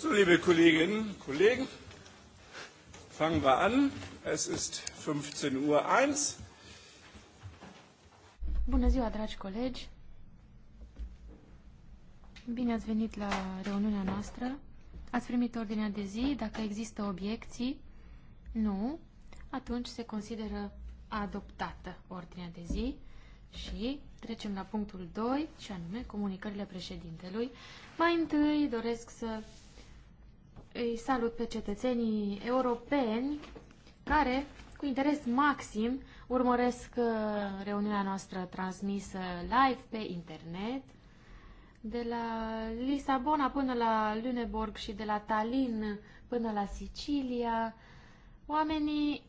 So, liebe Kolleginnen und Kollegen, fangen wir an. Es ist 15.01 Uhr. Bună ziua, dragi colegi! Bine ați venit la reuniunea noastră. Ați primit ordinea de zi. Dacă există obiecții, nu, atunci se consideră adoptată ordinea de zi. Și trecem la punctul 2, și anume comunicările președintelui. Mai întâi doresc să îi salut pe cetățenii europeni care, cu interes maxim, urmăresc uh, reuniunea noastră transmisă live pe internet. De la Lisabona până la Lüneburg și de la Tallinn până la Sicilia, oamenii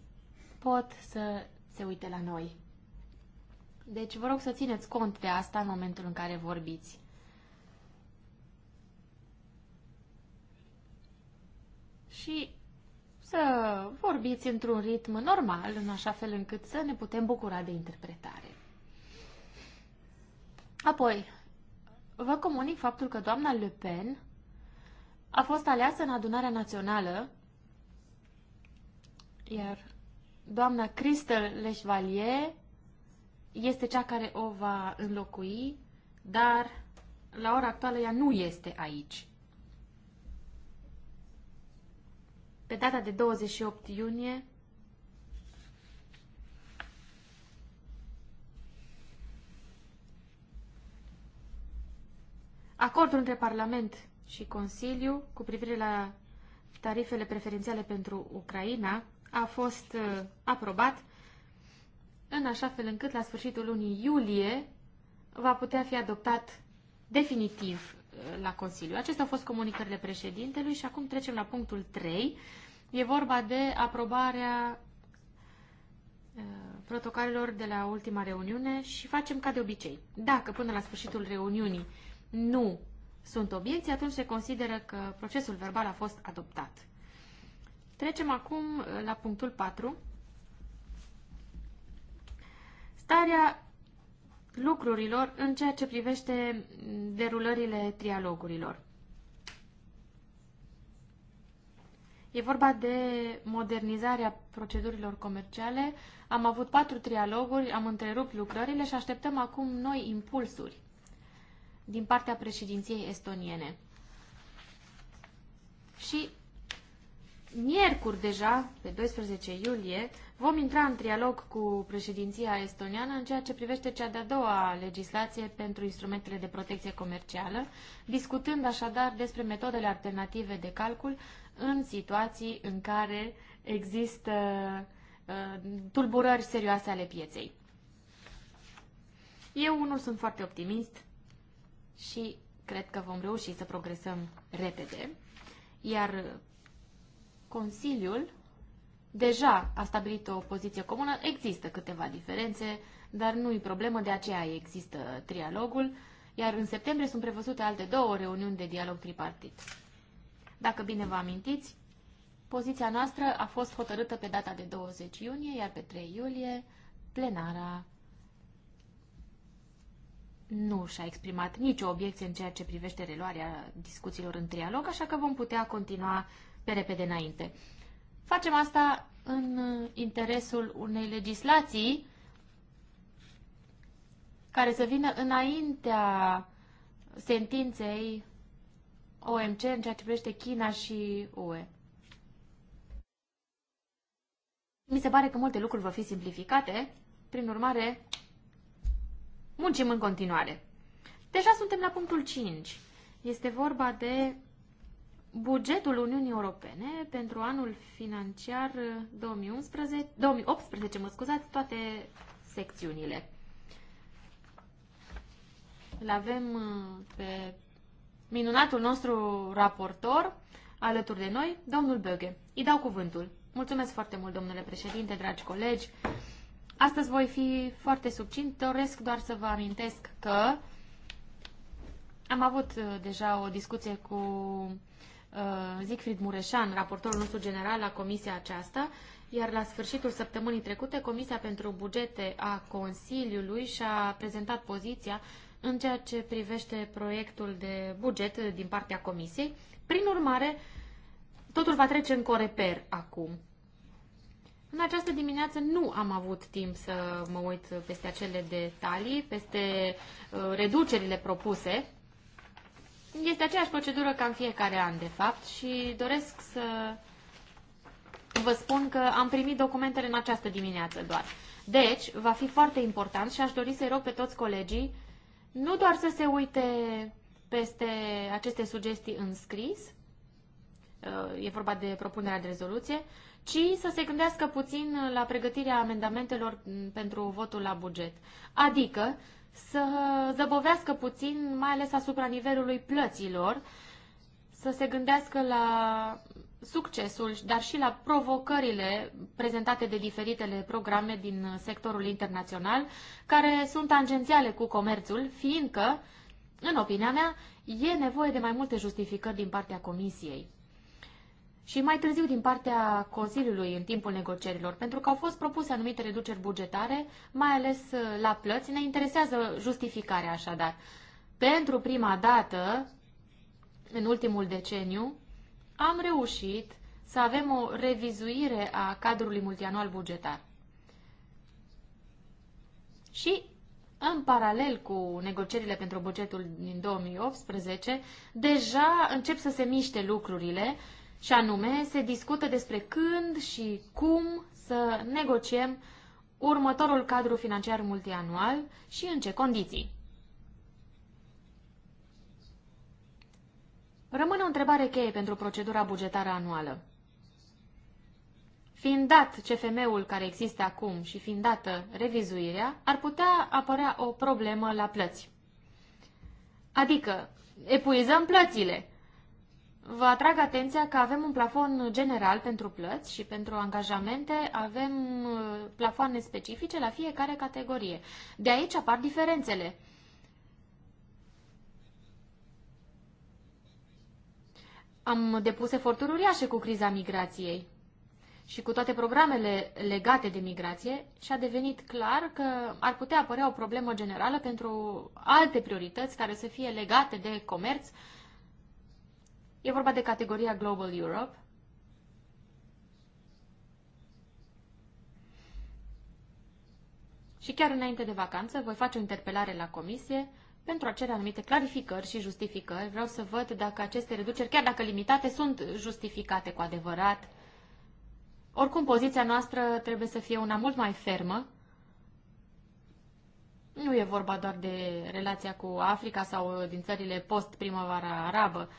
pot să se uite la noi. Deci vă rog să țineți cont de asta în momentul în care vorbiți. și să vorbiți într-un ritm normal, în așa fel încât să ne putem bucura de interpretare. Apoi, vă comunic faptul că doamna Le Pen a fost aleasă în adunarea națională, iar doamna Christel Leșvalier este cea care o va înlocui, dar la ora actuală ea nu este aici. Pe data de 28 iunie Acordul între Parlament și Consiliu cu privire la tarifele preferențiale pentru Ucraina a fost uh, aprobat în așa fel încât la sfârșitul lunii iulie va putea fi adoptat definitiv la Consiliu. Acestea au fost comunicările președintelui și acum trecem la punctul 3. E vorba de aprobarea uh, protocolelor de la ultima reuniune și facem ca de obicei. Dacă până la sfârșitul reuniunii nu sunt obiecții, atunci se consideră că procesul verbal a fost adoptat. Trecem acum uh, la punctul 4. Starea lucrurilor în ceea ce privește derulările trialogurilor. E vorba de modernizarea procedurilor comerciale. Am avut patru trialoguri, am întrerupt lucrările și așteptăm acum noi impulsuri din partea președinției estoniene. Și Miercuri deja, pe 12 iulie, vom intra în trialog cu președinția estoniană în ceea ce privește cea de-a doua legislație pentru instrumentele de protecție comercială, discutând așadar despre metodele alternative de calcul în situații în care există uh, tulburări serioase ale pieței. Eu unul sunt foarte optimist și cred că vom reuși să progresăm repede. Iar Consiliul deja a stabilit o poziție comună, există câteva diferențe, dar nu-i problemă, de aceea există trialogul, iar în septembrie sunt prevăzute alte două reuniuni de dialog tripartit. Dacă bine vă amintiți, poziția noastră a fost hotărâtă pe data de 20 iunie, iar pe 3 iulie plenara nu și-a exprimat nicio obiecție în ceea ce privește reluarea discuțiilor în trialog, așa că vom putea continua pe repede înainte. Facem asta în interesul unei legislații care să vină înaintea sentinței OMC în ceea ce privește China și UE. Mi se pare că multe lucruri vor fi simplificate, prin urmare, muncim în continuare. Deja suntem la punctul 5. Este vorba de Bugetul Uniunii Europene pentru anul financiar 2011, 2018, mă scuzați, toate secțiunile. Îl avem uh, pe minunatul nostru raportor alături de noi, domnul Böge. Îi dau cuvântul. Mulțumesc foarte mult, domnule președinte, dragi colegi. Astăzi voi fi foarte subțint. Doresc doar să vă amintesc că am avut uh, deja o discuție cu Zicfried uh, Mureșan, raportorul nostru general la comisia aceasta, iar la sfârșitul săptămânii trecute, Comisia pentru Bugete a Consiliului și-a prezentat poziția în ceea ce privește proiectul de buget din partea Comisiei. Prin urmare, totul va trece în coreper acum. În această dimineață nu am avut timp să mă uit peste acele detalii, peste uh, reducerile propuse este aceeași procedură ca în fiecare an, de fapt, și doresc să vă spun că am primit documentele în această dimineață doar. Deci, va fi foarte important și aș dori să-i rog pe toți colegii nu doar să se uite peste aceste sugestii în scris, uh, e vorba de propunerea de rezoluție, ci să se gândească puțin la pregătirea amendamentelor mm, pentru votul la buget. Adică să zăbovească puțin, mai ales asupra nivelului plăților, să se gândească la succesul, dar și la provocările prezentate de diferitele programe din sectorul internațional, care sunt tangențiale cu comerțul, fiindcă, în opinia mea, e nevoie de mai multe justificări din partea Comisiei și mai târziu din partea Consiliului în timpul negocierilor, pentru că au fost propuse anumite reduceri bugetare, mai ales uh, la plăți. Ne interesează justificarea așadar. Pentru prima dată, în ultimul deceniu, am reușit să avem o revizuire a cadrului multianual bugetar. Și, în paralel cu negocierile pentru bugetul din 2018, deja încep să se miște lucrurile, și anume, se discută despre când și cum să negociem următorul cadru financiar multianual și în ce condiții. Rămâne o întrebare cheie pentru procedura bugetară anuală. Fiind dat CFM-ul care există acum și fiind dată revizuirea, ar putea apărea o problemă la plăți. Adică, epuizăm plățile. Vă atrag atenția că avem un plafon general pentru plăți și pentru angajamente, avem uh, plafoane specifice la fiecare categorie. De aici apar diferențele. Am depus eforturi uriașe cu criza migrației și cu toate programele legate de migrație și a devenit clar că ar putea apărea o problemă generală pentru alte priorități care să fie legate de comerț, E vorba de categoria Global Europe. Și chiar înainte de vacanță voi face o interpelare la comisie pentru a cere anumite clarificări și justificări. Vreau să văd dacă aceste reduceri, chiar dacă limitate, sunt justificate cu adevărat. Oricum, poziția noastră trebuie să fie una mult mai fermă. Nu e vorba doar de relația cu Africa sau din țările post-primăvara arabă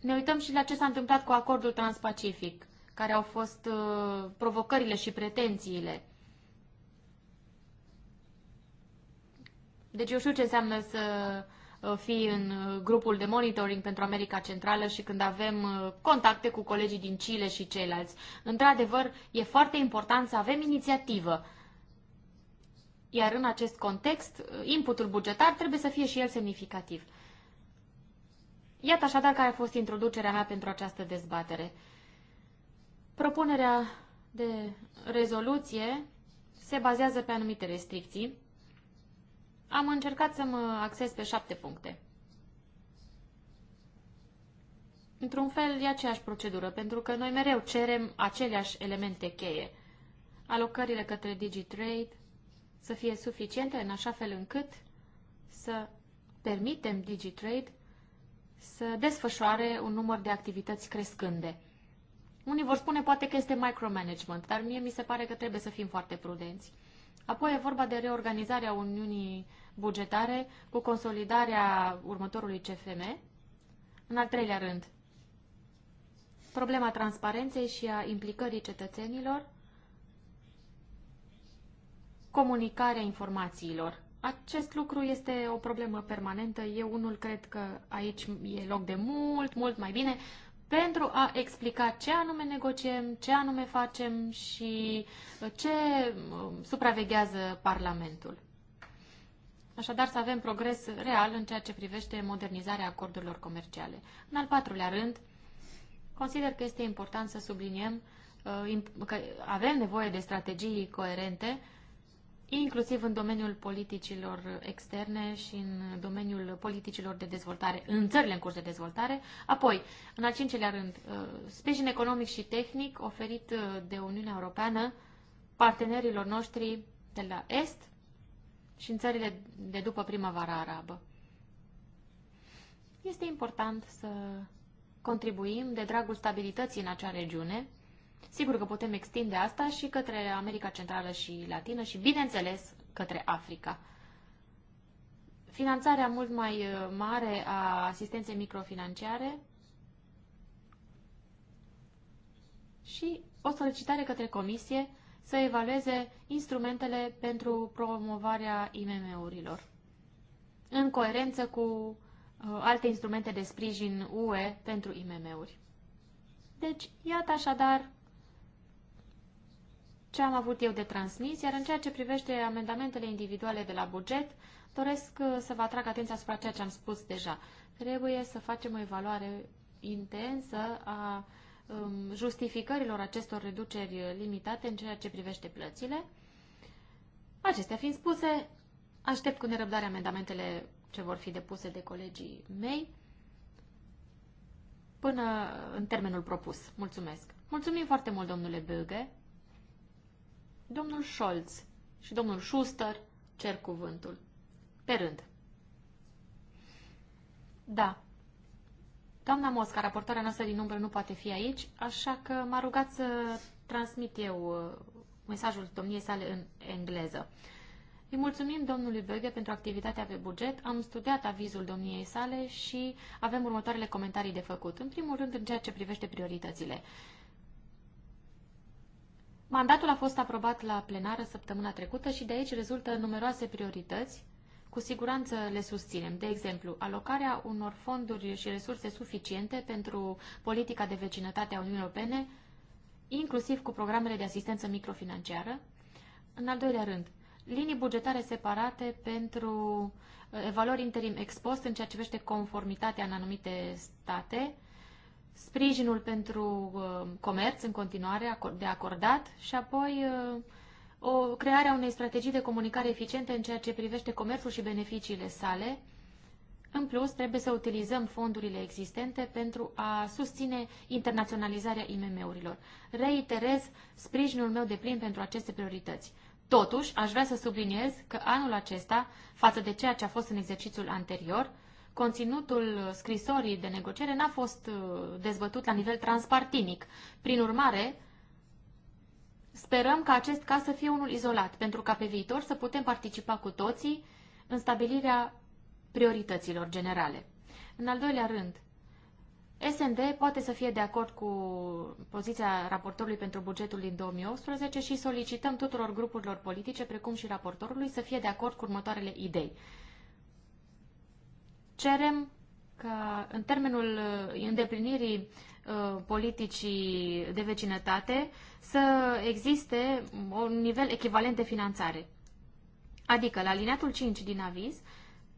ne uităm și la ce s-a întâmplat cu acordul transpacific, care au fost uh, provocările și pretențiile. Deci eu știu ce înseamnă să uh, fii în uh, grupul de monitoring pentru America Centrală și când avem uh, contacte cu colegii din Chile și ceilalți. Într-adevăr, e foarte important să avem inițiativă. Iar în acest context, inputul bugetar trebuie să fie și el semnificativ. Iată așadar care a fost introducerea mea pentru această dezbatere. Propunerea de rezoluție se bazează pe anumite restricții. Am încercat să mă acces pe șapte puncte. Într-un fel, e aceeași procedură, pentru că noi mereu cerem aceleași elemente cheie. Alocările către DigiTrade să fie suficiente în așa fel încât să permitem DigiTrade să desfășoare un număr de activități crescânde. Unii vor spune poate că este micromanagement, dar mie mi se pare că trebuie să fim foarte prudenți. Apoi e vorba de reorganizarea Uniunii bugetare cu consolidarea următorului CFM. În al treilea rând, problema transparenței și a implicării cetățenilor, comunicarea informațiilor. Acest lucru este o problemă permanentă. Eu unul cred că aici e loc de mult, mult mai bine pentru a explica ce anume negociem, ce anume facem și ce um, supraveghează Parlamentul. Așadar, să avem progres real în ceea ce privește modernizarea acordurilor comerciale. În al patrulea rând, consider că este important să subliniem uh, că avem nevoie de strategii coerente inclusiv în domeniul politicilor externe și în domeniul politicilor de dezvoltare, în țările în curs de dezvoltare. Apoi, în al cincilea rând, uh, sprijin economic și tehnic oferit uh, de Uniunea Europeană partenerilor noștri de la Est și în țările de după primăvara arabă. Este important să contribuim de dragul stabilității în acea regiune, Sigur că putem extinde asta și către America Centrală și Latină și, bineînțeles, către Africa. Finanțarea mult mai uh, mare a asistenței microfinanciare și o solicitare către Comisie să evalueze instrumentele pentru promovarea IMM-urilor, în coerență cu uh, alte instrumente de sprijin UE pentru IMM-uri. Deci, iată așadar ce am avut eu de transmis, iar în ceea ce privește amendamentele individuale de la buget, doresc uh, să vă atrag atenția asupra ceea ce am spus deja. Trebuie să facem o evaluare intensă a um, justificărilor acestor reduceri limitate în ceea ce privește plățile. Acestea fiind spuse, aștept cu nerăbdare amendamentele ce vor fi depuse de colegii mei până în termenul propus. Mulțumesc! Mulțumim foarte mult, domnule Böge! Domnul Scholz și domnul Schuster cer cuvântul. Pe rând. Da. Doamna Mosca, raportoarea noastră din umbră, nu poate fi aici, așa că m-a rugat să transmit eu uh, mesajul domniei sale în engleză. Îi mulțumim domnului Böge pentru activitatea pe buget, am studiat avizul domniei sale și avem următoarele comentarii de făcut. În primul rând, în ceea ce privește prioritățile. Mandatul a fost aprobat la plenară săptămâna trecută și de aici rezultă numeroase priorități. Cu siguranță le susținem. De exemplu, alocarea unor fonduri și resurse suficiente pentru politica de vecinătate a Uniunii Europene, inclusiv cu programele de asistență microfinanciară. În al doilea rând, linii bugetare separate pentru eh, evaluări interim expost în ceea ce privește conformitatea în anumite state, sprijinul pentru uh, comerț în continuare de acordat și apoi uh, o crearea unei strategii de comunicare eficiente în ceea ce privește comerțul și beneficiile sale. În plus, trebuie să utilizăm fondurile existente pentru a susține internaționalizarea IMM-urilor. Reiterez sprijinul meu de plin pentru aceste priorități. Totuși, aș vrea să subliniez că anul acesta, față de ceea ce a fost în exercițiul anterior, conținutul scrisorii de negociere n-a fost uh, dezbătut la nivel transpartinic. Prin urmare, sperăm ca acest caz să fie unul izolat, pentru ca pe viitor să putem participa cu toții în stabilirea priorităților generale. În al doilea rând, SND poate să fie de acord cu poziția raportorului pentru bugetul din 2018 și solicităm tuturor grupurilor politice, precum și raportorului, să fie de acord cu următoarele idei cerem ca în termenul uh, îndeplinirii uh, politicii de vecinătate să existe un nivel echivalent de finanțare. Adică, la alineatul 5 din aviz,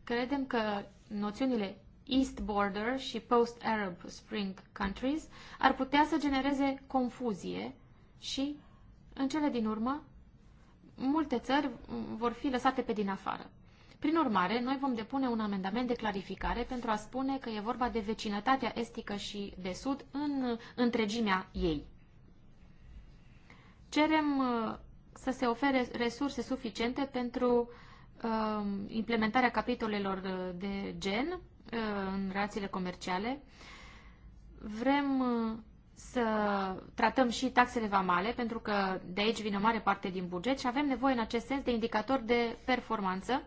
credem că noțiunile East Border și Post-Arab Spring Countries ar putea să genereze confuzie și, în cele din urmă, multe țări vor fi lăsate pe din afară. Prin urmare, noi vom depune un amendament de clarificare pentru a spune că e vorba de vecinătatea estică și de sud în întregimea ei. Cerem uh, să se ofere resurse suficiente pentru uh, implementarea capitolelor uh, de gen în relațiile comerciale. Vrem să tratăm și taxele vamale, pentru că de aici vine o mare parte din buget și avem nevoie în acest sens de indicatori de performanță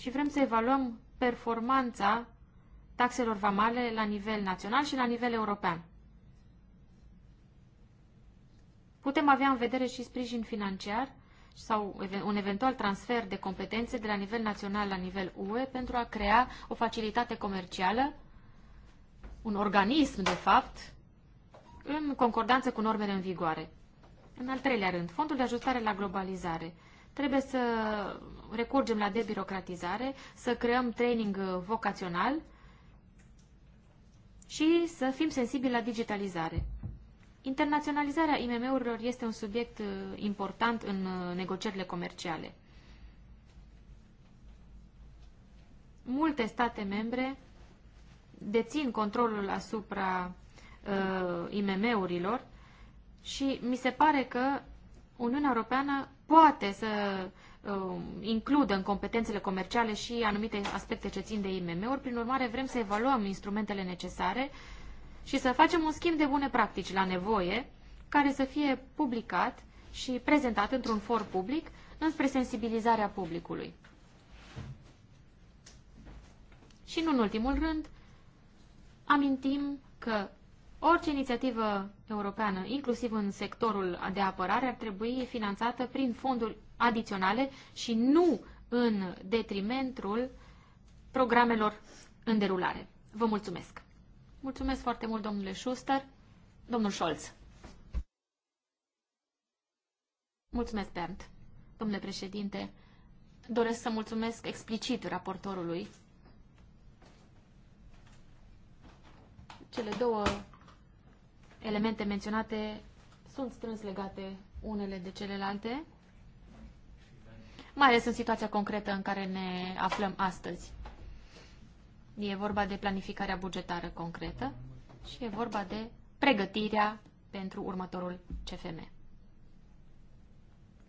și vrem să evaluăm performanța taxelor vamale la nivel național și la nivel european. Putem avea în vedere și sprijin financiar sau un eventual transfer de competențe de la nivel național la nivel UE pentru a crea o facilitate comercială, un organism, de fapt, în concordanță cu normele în vigoare. În al treilea rând, fondul de ajustare la globalizare. Trebuie să recurgem la debirocratizare, să creăm training vocațional și să fim sensibili la digitalizare. Internaționalizarea IMM-urilor este un subiect uh, important în uh, negocierile comerciale. Multe state membre dețin controlul asupra uh, IMM-urilor și mi se pare că Uniunea Europeană poate să um, includă în competențele comerciale și anumite aspecte ce țin de IMM-uri. Prin urmare, vrem să evaluăm instrumentele necesare și să facem un schimb de bune practici la nevoie, care să fie publicat și prezentat într-un for public, înspre sensibilizarea publicului. Și, în ultimul rând, amintim că Orice inițiativă europeană, inclusiv în sectorul de apărare, ar trebui finanțată prin fonduri adiționale și nu în detrimentul programelor în derulare. Vă mulțumesc! Mulțumesc foarte mult, domnule Schuster. Domnul Scholz. Mulțumesc, Bernd. Domnule președinte, doresc să mulțumesc explicit raportorului. Cele două elemente menționate sunt strâns legate unele de celelalte, mai ales în situația concretă în care ne aflăm astăzi. E vorba de planificarea bugetară concretă și e vorba de pregătirea pentru următorul CFM.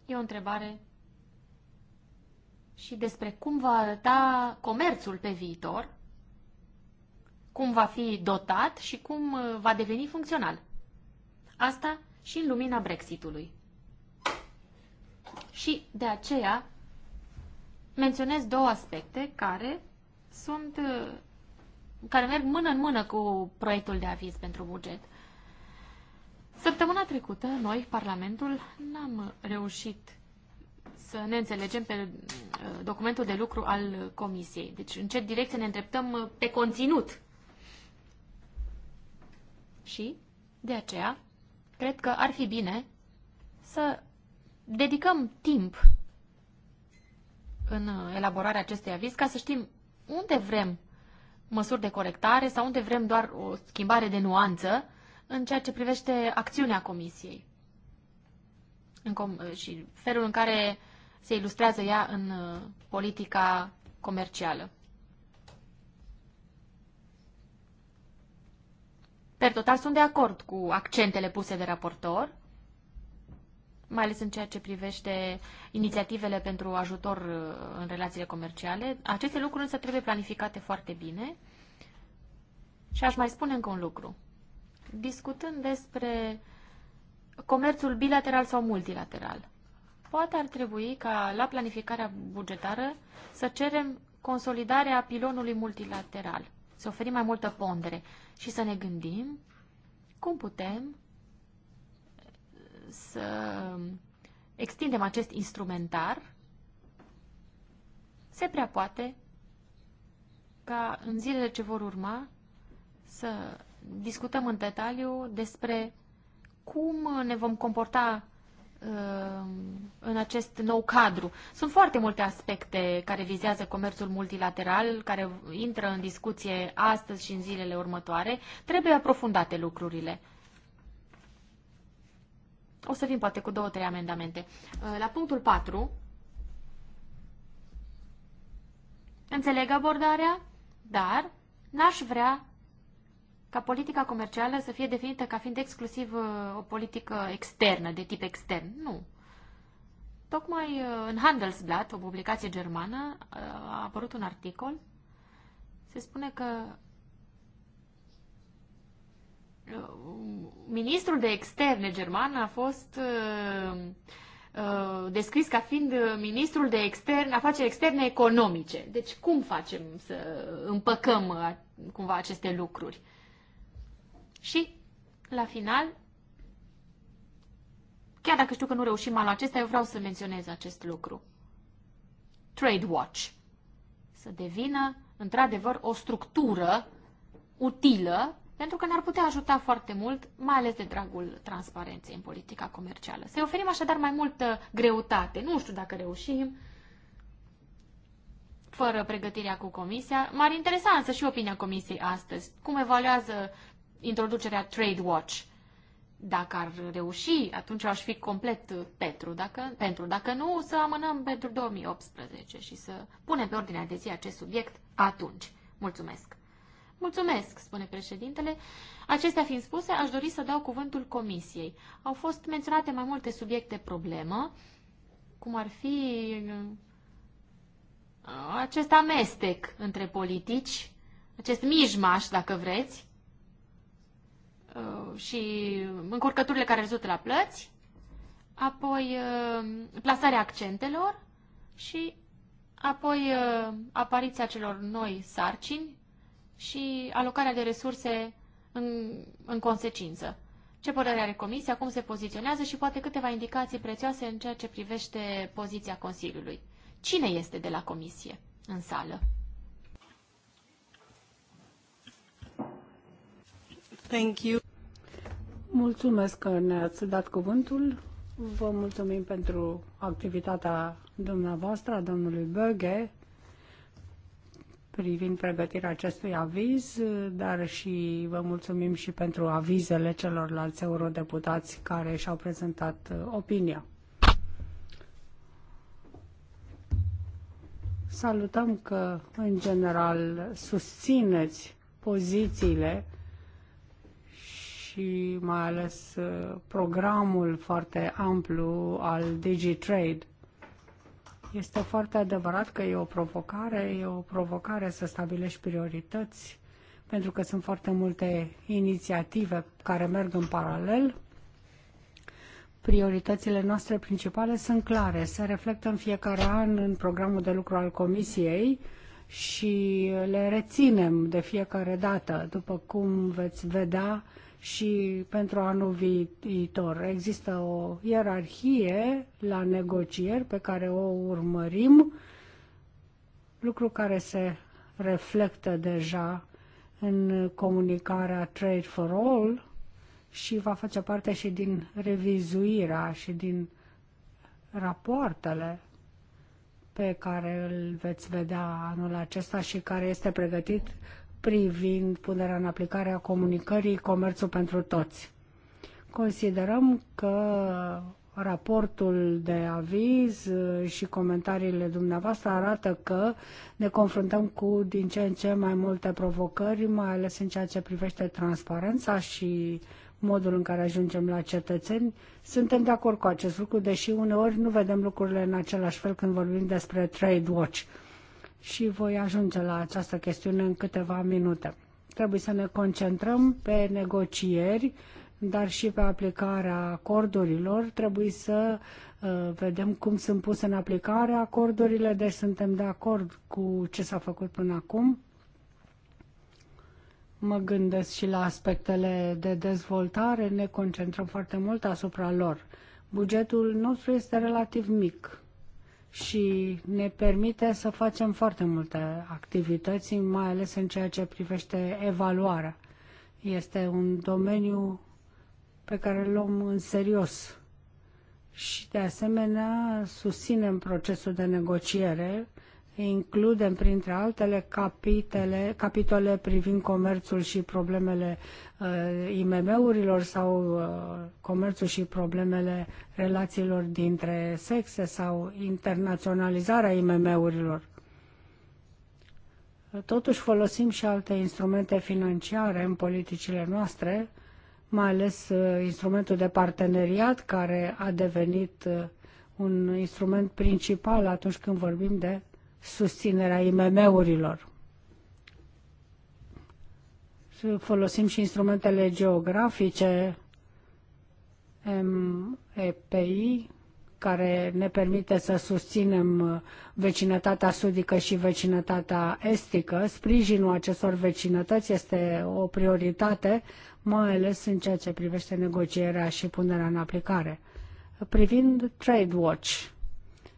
E o întrebare și despre cum va arăta comerțul pe viitor, cum va fi dotat și cum uh, va deveni funcțional. Asta și în lumina Brexitului. Și de aceea menționez două aspecte care sunt uh, care merg mână în mână cu proiectul de aviz pentru buget. Săptămâna trecută, noi, Parlamentul, n-am reușit să ne înțelegem pe uh, documentul de lucru al Comisiei. Deci, în ce direcție ne îndreptăm pe conținut și, de aceea, cred că ar fi bine să dedicăm timp în uh, elaborarea acestui aviz ca să știm unde vrem măsuri de corectare sau unde vrem doar o schimbare de nuanță în ceea ce privește acțiunea comisiei în com- uh, și felul în care se ilustrează ea în uh, politica comercială. Per total sunt de acord cu accentele puse de raportor, mai ales în ceea ce privește inițiativele pentru ajutor uh, în relațiile comerciale. Aceste lucruri însă trebuie planificate foarte bine. Și aș mai spune încă un lucru. Discutând despre comerțul bilateral sau multilateral, poate ar trebui ca la planificarea bugetară să cerem consolidarea pilonului multilateral să oferim mai multă pondere și să ne gândim cum putem să extindem acest instrumentar. Se prea poate ca în zilele ce vor urma să discutăm în detaliu despre cum ne vom comporta Uh, în acest nou cadru. Sunt foarte multe aspecte care vizează comerțul multilateral, care intră în discuție astăzi și în zilele următoare. Trebuie aprofundate lucrurile. O să vin poate cu două, trei amendamente. Uh, la punctul 4, înțeleg abordarea, dar n-aș vrea ca politica comercială să fie definită ca fiind exclusiv uh, o politică externă, de tip extern. Nu. Tocmai uh, în Handelsblatt, o publicație germană, uh, a apărut un articol. Se spune că ministrul de externe german a fost descris ca fiind ministrul de extern, afaceri externe economice. Deci cum facem să împăcăm cumva aceste lucruri? Și, la final, chiar dacă știu că nu reușim anul acesta, eu vreau să menționez acest lucru. Trade Watch. Să devină, într-adevăr, o structură utilă pentru că ne-ar putea ajuta foarte mult, mai ales de dragul transparenței în politica comercială. Să-i oferim așadar mai multă greutate. Nu știu dacă reușim, fără pregătirea cu comisia. M-ar interesa însă și opinia comisiei astăzi. Cum evaluează introducerea Trade Watch. Dacă ar reuși, atunci aș fi complet pentru. Dacă, pentru. Dacă nu, să amânăm pentru 2018 și să punem pe ordinea de zi acest subiect atunci. Mulțumesc! Mulțumesc, spune președintele. Acestea fiind spuse, aș dori să dau cuvântul comisiei. Au fost menționate mai multe subiecte problemă, cum ar fi uh, acest amestec între politici, acest mijmaș, dacă vreți, Uh, și încurcăturile care rezultă la plăți, apoi uh, plasarea accentelor și apoi uh, apariția celor noi sarcini și alocarea de resurse în, în consecință. Ce părere are Comisia, cum se poziționează și poate câteva indicații prețioase în ceea ce privește poziția Consiliului. Cine este de la Comisie în sală? Thank you. Mulțumesc că ne-ați dat cuvântul. Vă mulțumim pentru activitatea dumneavoastră, a domnului Böge, privind pregătirea acestui aviz, dar și vă mulțumim și pentru avizele celorlalți eurodeputați care și-au prezentat uh, opinia. Salutăm că, în general, susțineți pozițiile și mai ales uh, programul foarte amplu al DigiTrade. Este foarte adevărat că e o provocare, e o provocare să stabilești priorități, pentru că sunt foarte multe inițiative care merg în paralel. Prioritățile noastre principale sunt clare, se reflectă în fiecare an în programul de lucru al Comisiei și le reținem de fiecare dată. După cum veți vedea, și pentru anul viitor. Există o ierarhie la negocieri pe care o urmărim, lucru care se reflectă deja în comunicarea Trade for All și va face parte și din revizuirea și din rapoartele pe care îl veți vedea anul acesta și care este pregătit privind punerea în aplicare a comunicării Comerțul pentru Toți. Considerăm că raportul de aviz uh, și comentariile dumneavoastră arată că ne confruntăm cu din ce în ce mai multe provocări, mai ales în ceea ce privește transparența și modul în care ajungem la cetățeni. Suntem de acord cu acest lucru, deși uneori nu vedem lucrurile în același fel când vorbim despre Trade Watch și voi ajunge la această chestiune în câteva minute. Trebuie să ne concentrăm pe negocieri, dar și pe aplicarea acordurilor. Trebuie să uh, vedem cum sunt puse în aplicare acordurile, deci suntem de acord cu ce s-a făcut până acum. Mă gândesc și la aspectele de dezvoltare, ne concentrăm foarte mult asupra lor. Bugetul nostru este relativ mic, și ne permite să facem foarte multe activități, mai ales în ceea ce privește evaluarea. Este un domeniu pe care îl luăm în serios și de asemenea susținem procesul de negociere includem printre altele capitele, capitole privind comerțul și problemele uh, IMM-urilor sau uh, comerțul și problemele relațiilor dintre sexe sau internaționalizarea IMM-urilor. Totuși folosim și alte instrumente financiare în politicile noastre, mai ales uh, instrumentul de parteneriat care a devenit uh, un instrument principal atunci când vorbim de susținerea IMM-urilor. Folosim și instrumentele geografice, MEPI, care ne permite să susținem vecinătatea sudică și vecinătatea estică. Sprijinul acestor vecinătăți este o prioritate, mai ales în ceea ce privește negocierea și punerea în aplicare. Privind Trade Watch,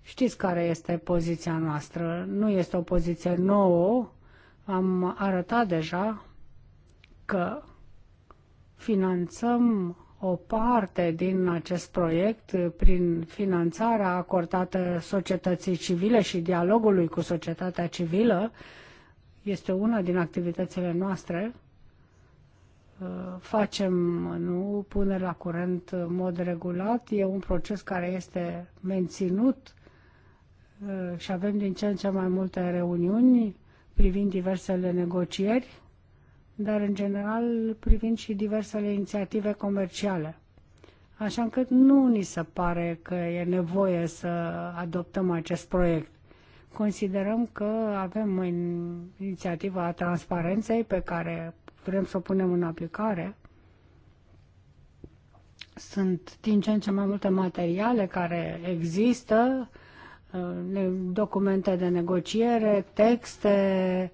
Știți care este poziția noastră. Nu este o poziție nouă. Am arătat deja că finanțăm o parte din acest proiect prin finanțarea acordată societății civile și dialogului cu societatea civilă. Este una din activitățile noastre. Uh, facem nu pune la curent în mod regulat. E un proces care este menținut Uh, și avem din ce în ce mai multe reuniuni privind diversele negocieri, dar în general privind și diversele inițiative comerciale. Așa încât nu ni se pare că e nevoie să adoptăm acest proiect. Considerăm că avem inițiativa transparenței pe care vrem să o punem în aplicare. Sunt din ce în ce mai multe materiale care există, documente de negociere, texte.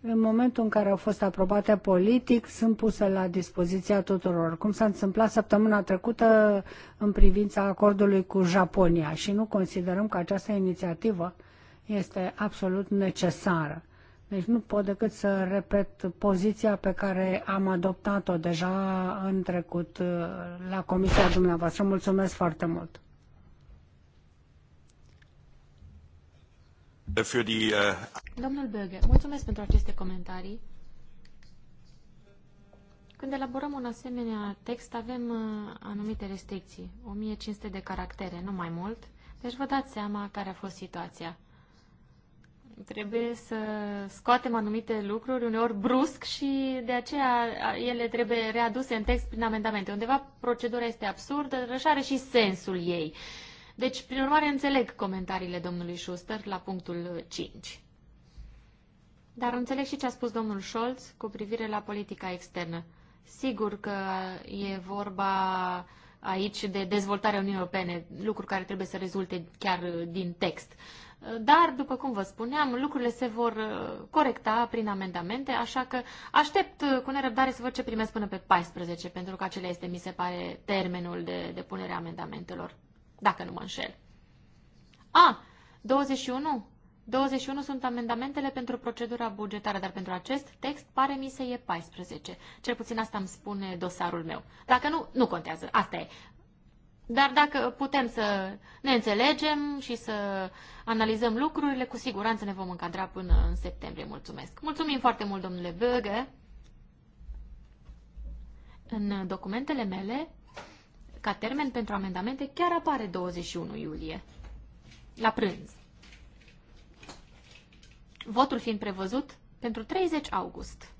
În momentul în care au fost aprobate politic, sunt puse la dispoziția tuturor, cum s-a întâmplat săptămâna trecută în privința acordului cu Japonia și nu considerăm că această inițiativă este absolut necesară. Deci nu pot decât să repet poziția pe care am adoptat-o deja în trecut uh, la comisia dumneavoastră. Mulțumesc foarte mult! für die, uh... Domnul Böge, mulțumesc pentru aceste comentarii. Când elaborăm un asemenea text, avem uh, anumite restricții, 1500 de caractere, nu mai mult. Deci vă dați seama care a fost situația. Trebuie să scoatem anumite lucruri, uneori brusc, și de aceea ele trebuie readuse în text prin amendamente. Undeva procedura este absurdă, răși are și sensul ei. Uh, deci, prin urmare, înțeleg comentariile domnului Schuster la punctul 5. Dar înțeleg și ce a spus domnul Scholz cu privire la politica externă. Sigur că e vorba aici de dezvoltarea Uniunii Europene, lucruri care trebuie să rezulte chiar din text. Dar, după cum vă spuneam, lucrurile se vor uh, corecta prin amendamente, așa că aștept uh, cu nerăbdare să văd ce primesc până pe 14, pentru că acela este, mi se pare, termenul de depunere a amendamentelor dacă nu mă înșel. A, 21. 21 sunt amendamentele pentru procedura bugetară, dar pentru acest text pare mi se e 14. Cel puțin asta îmi spune dosarul meu. Dacă nu, nu contează. Asta e. Dar dacă putem să ne înțelegem și să analizăm lucrurile, cu siguranță ne vom încadra până în septembrie. Mulțumesc. Mulțumim foarte mult, domnule Böge. În documentele mele ca termen pentru amendamente chiar apare 21 iulie, la prânz. Votul fiind prevăzut pentru 30 august.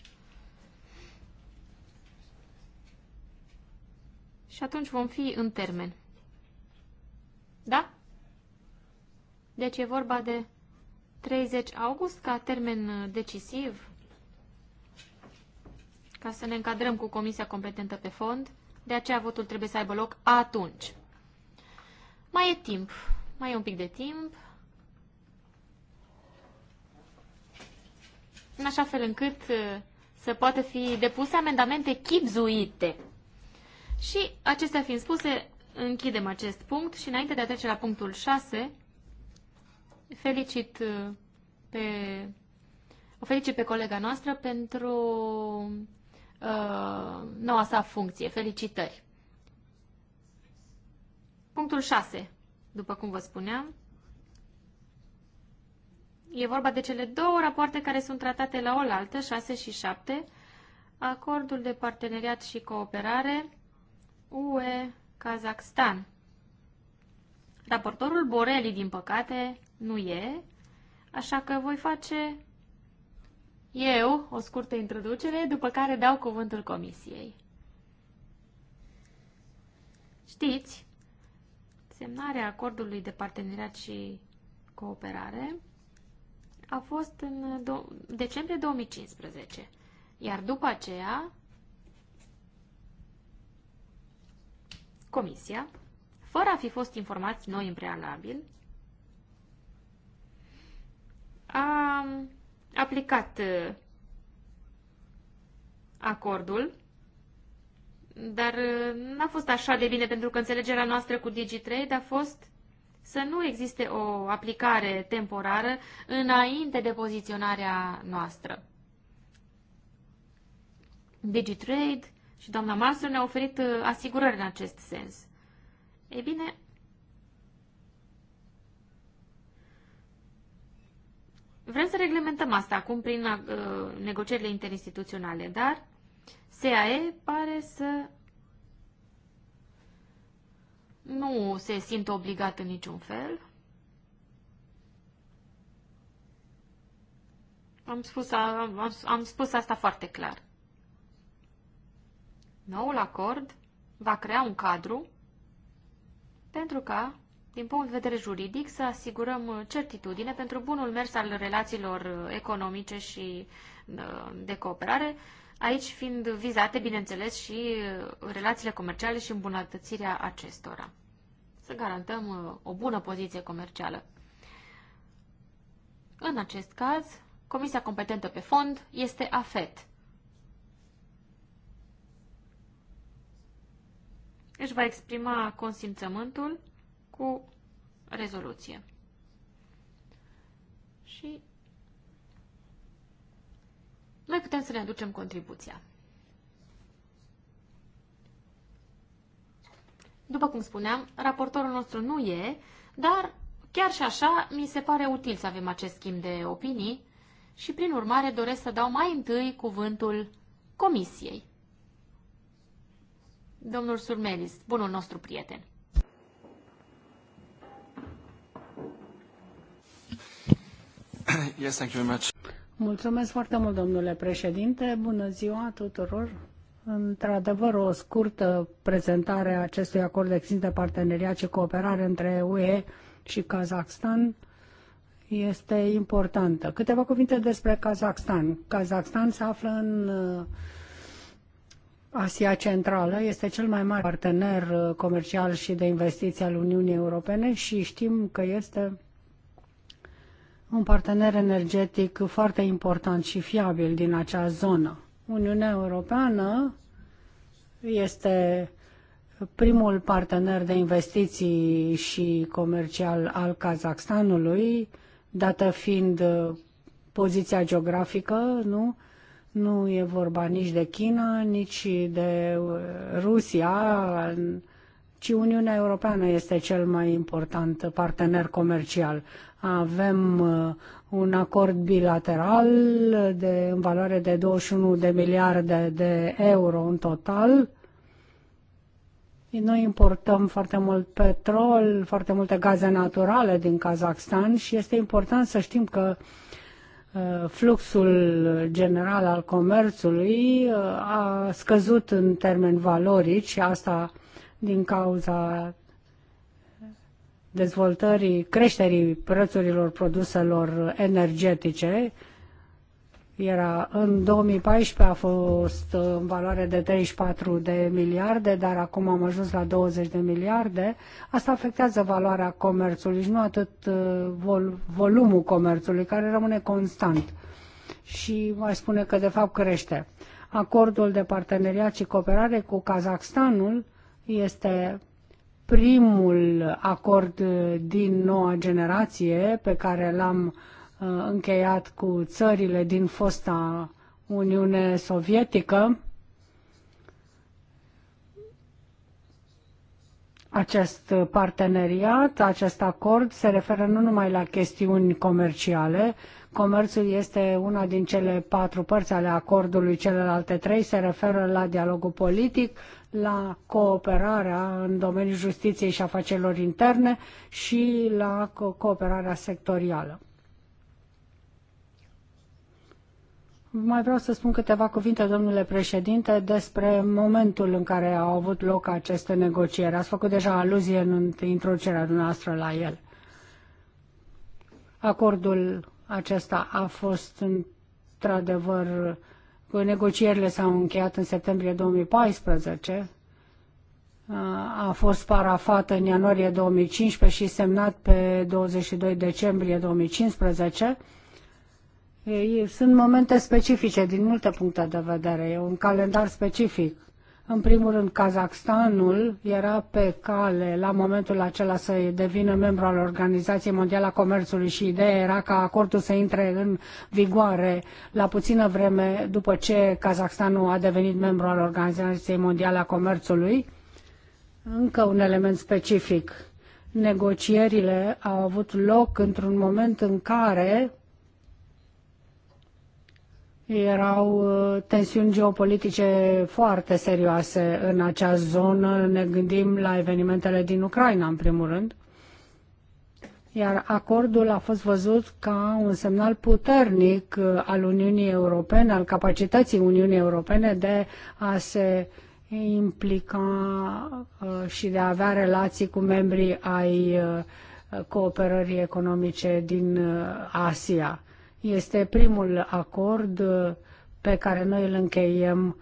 Și atunci vom fi în termen. Da? Deci e vorba de 30 august ca termen uh, decisiv ca să ne încadrăm cu Comisia Competentă pe Fond de aceea votul trebuie să aibă loc atunci. Mai e timp. Mai e un pic de timp. În așa fel încât uh, să poată fi depuse amendamente chipzuite. Și acestea fiind spuse, închidem acest punct și înainte de a trece la punctul 6, felicit uh, pe, o felicit pe colega noastră pentru noua sa funcție. Felicitări! Punctul 6. După cum vă spuneam, e vorba de cele două rapoarte care sunt tratate la oaltă, 6 și 7, acordul de parteneriat și cooperare UE-Kazakhstan. Raportorul Borelli, din păcate, nu e, așa că voi face eu o scurtă introducere, după care dau cuvântul comisiei. Știți, semnarea acordului de parteneriat și cooperare a fost în decembrie 2015, iar după aceea comisia, fără a fi fost informați noi în prealabil, a aplicat uh, acordul, dar uh, n-a fost așa de bine pentru că înțelegerea noastră cu DigiTrade a fost să nu existe o aplicare temporară înainte de poziționarea noastră. DigiTrade și doamna Malmström ne-a oferit uh, asigurări în acest sens. Ei bine, Vrem să reglementăm asta acum prin uh, negocierile interinstituționale, dar SAE pare să nu se simtă obligat în niciun fel. Am spus, am, am spus asta foarte clar. Noul acord va crea un cadru pentru ca din punct de vedere juridic, să asigurăm uh, certitudine pentru bunul mers al relațiilor uh, economice și uh, de cooperare, aici fiind vizate, bineînțeles, și relațiile comerciale și îmbunătățirea acestora. Să garantăm o bună poziție comercială. În acest caz, comisia competentă pe fond este AFET. Își va exprima consimțământul cu rezoluție. Și noi putem să ne aducem contribuția. După cum spuneam, raportorul nostru nu e, dar chiar și așa mi se pare util să avem acest schimb de opinii și prin urmare doresc să dau mai întâi cuvântul comisiei. Domnul Surmelis, bunul nostru prieten. Yes, thank you very much. Mulțumesc foarte mult, domnule președinte. Bună ziua tuturor. Într-adevăr, o scurtă prezentare a acestui acord de extindere parteneriat și cooperare între UE și Kazakhstan este importantă. Câteva cuvinte despre Kazakhstan. Kazakhstan se află în uh, Asia Centrală, este cel mai mare partener uh, comercial și de investiții al Uniunii Europene și știm că este un partener energetic foarte important și fiabil din acea zonă. Uniunea Europeană este primul partener de investiții și comercial al Kazakhstanului, dată fiind uh, poziția geografică, nu? Nu e vorba nici de China, nici de uh, Rusia, ci Uniunea Europeană este cel mai important partener comercial. Avem uh, un acord bilateral de, în valoare de 21 de miliarde de euro în total. Noi importăm foarte mult petrol, foarte multe gaze naturale din Kazakhstan și este important să știm că uh, fluxul general al comerțului uh, a scăzut în termeni valorici și asta din cauza dezvoltării, creșterii prețurilor produselor energetice. Era în 2014 a fost în valoare de 34 de miliarde, dar acum am ajuns la 20 de miliarde. Asta afectează valoarea comerțului și nu atât uh, vol, volumul comerțului, care rămâne constant. Și mai spune că de fapt crește. Acordul de parteneriat și cooperare cu Kazakhstanul este primul acord din noua generație pe care l-am uh, încheiat cu țările din fosta Uniune Sovietică. Acest parteneriat, acest acord se referă nu numai la chestiuni comerciale, comerțul este una din cele patru părți ale acordului, celelalte trei se referă la dialogul politic, la cooperarea în domeniul justiției și afacerilor interne și la cooperarea sectorială. Mai vreau să spun câteva cuvinte, domnule președinte, despre momentul în care au avut loc aceste negocieri. Ați făcut deja aluzie în introducerea noastră la el. Acordul acesta a fost într-adevăr negocierile s-au încheiat în septembrie 2014, a fost parafată în ianuarie 2015 și semnat pe 22 decembrie 2015. Sunt momente specifice din multe puncte de vedere. E un calendar specific în primul rând, Kazakhstanul era pe cale la momentul acela să devină membru al Organizației Mondiale a Comerțului și ideea era ca acordul să intre în vigoare la puțină vreme după ce Kazakhstanul a devenit membru al Organizației Mondiale a Comerțului. Încă un element specific. Negocierile au avut loc într-un moment în care erau uh, tensiuni geopolitice foarte serioase în acea zonă. Ne gândim la evenimentele din Ucraina, în primul rând. Iar acordul a fost văzut ca un semnal puternic uh, al Uniunii Europene, al capacității Uniunii Europene de a se implica uh, și de a avea relații cu membrii ai cooperării economice din Asia. Este primul acord uh, pe care noi îl încheiem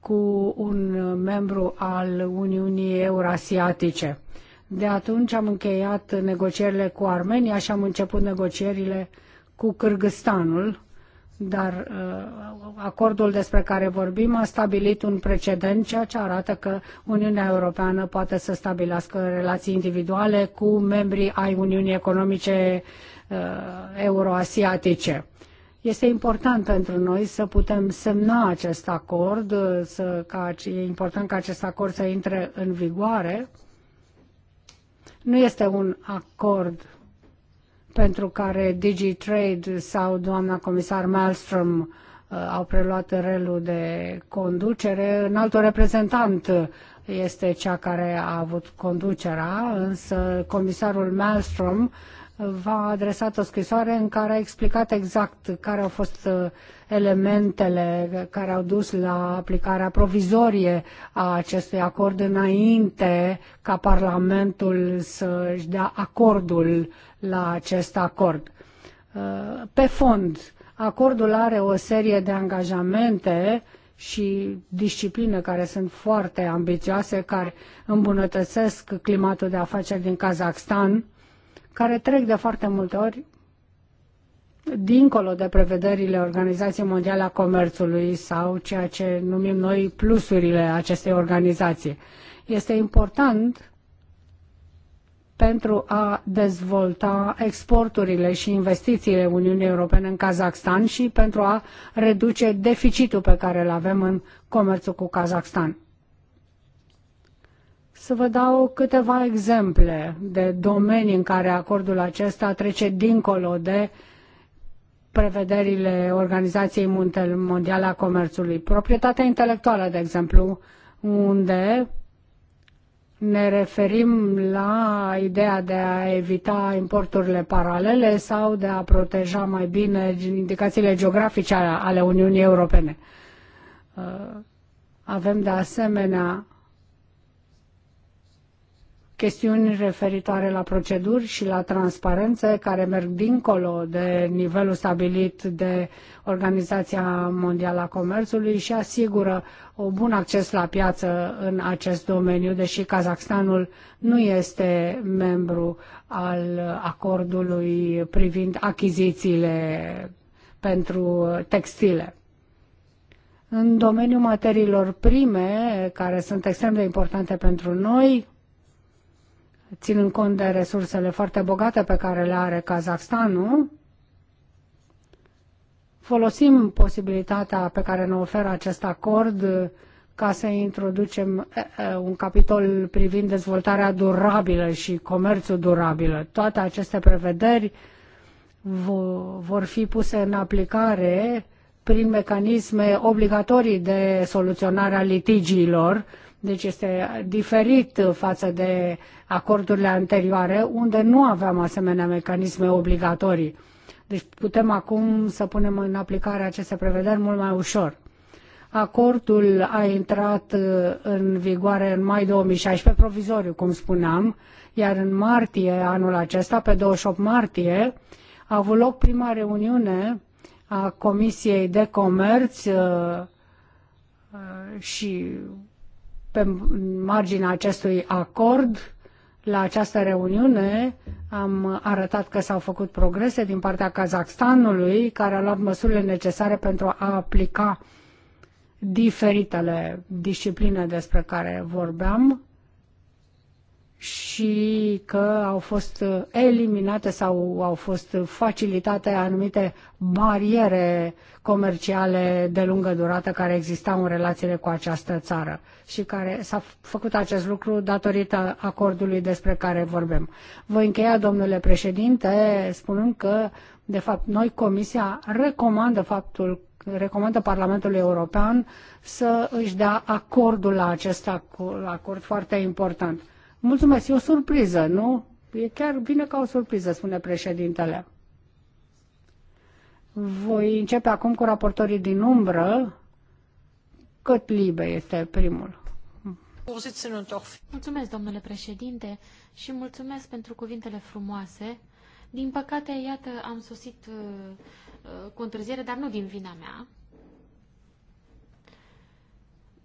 cu un membru al Uniunii Eurasiatice. De atunci am încheiat negocierile cu Armenia și am început negocierile cu Cârgăstanul, dar uh, acordul despre care vorbim a stabilit un precedent, ceea ce arată că Uniunea Europeană poate să stabilească relații individuale cu membrii ai Uniunii Economice Uh, euroasiatice. Este important pentru noi să putem semna acest acord, uh, să, ca, e important ca acest acord să intre în vigoare. Nu este un acord pentru care DigiTrade sau doamna comisar Malmström uh, au preluat relul de conducere. În altul reprezentant este cea care a avut conducerea, însă comisarul Malmström v-a adresat o scrisoare în care a explicat exact care au fost uh, elementele care au dus la aplicarea provizorie a acestui acord înainte ca Parlamentul să-și dea acordul la acest acord. Uh, pe fond, acordul are o serie de angajamente și discipline care sunt foarte ambițioase, care îmbunătățesc climatul de afaceri din Kazakhstan, care trec de foarte multe ori dincolo de prevederile Organizației Mondiale a Comerțului sau ceea ce numim noi plusurile acestei organizații. Este important pentru a dezvolta exporturile și investițiile Uniunii Europene în Kazakhstan și pentru a reduce deficitul pe care îl avem în comerțul cu Kazakhstan. Să vă dau câteva exemple de domenii în care acordul acesta trece dincolo de prevederile Organizației Mondiale a Comerțului. Proprietatea intelectuală, de exemplu, unde ne referim la ideea de a evita importurile paralele sau de a proteja mai bine indicațiile geografice ale Uniunii Europene. Uh, avem de asemenea chestiuni referitoare la proceduri și la transparență care merg dincolo de nivelul stabilit de Organizația Mondială a Comerțului și asigură un bun acces la piață în acest domeniu, deși Kazakhstanul nu este membru al acordului privind achizițiile pentru textile. În domeniul materiilor prime, care sunt extrem de importante pentru noi, ținând cont de resursele foarte bogate pe care le are Kazahstanul, folosim posibilitatea pe care ne oferă acest acord ca să introducem un capitol privind dezvoltarea durabilă și comerțul durabil. Toate aceste prevederi vor fi puse în aplicare prin mecanisme obligatorii de soluționare a litigiilor deci este diferit față de acordurile anterioare, unde nu aveam asemenea mecanisme obligatorii. Deci putem acum să punem în aplicare aceste prevederi mult mai ușor. Acordul a intrat uh, în vigoare în mai 2016, provizoriu, cum spuneam, iar în martie anul acesta, pe 28 martie, a avut loc prima reuniune a Comisiei de Comerț uh, uh, și pe marginea acestui acord, la această reuniune am arătat că s-au făcut progrese din partea Kazakhstanului, care a luat măsurile necesare pentru a aplica diferitele discipline despre care vorbeam și că au fost uh, eliminate sau au fost facilitate anumite bariere comerciale de lungă durată care existau în relațiile cu această țară și care s-a făcut acest lucru datorită acordului despre care vorbim. Voi încheia, domnule președinte, spunând că, de fapt, noi, Comisia, recomandă faptul recomandă Parlamentului European să își dea acordul la acest acord, acord foarte important Mulțumesc, e o surpriză, nu? E chiar bine ca o surpriză, spune președintele. Voi începe acum cu raportorii din umbră. Cât libe este primul. Mulțumesc, domnule președinte, și mulțumesc pentru cuvintele frumoase. Din păcate, iată, am sosit uh, uh cu întârziere, dar nu din vina mea.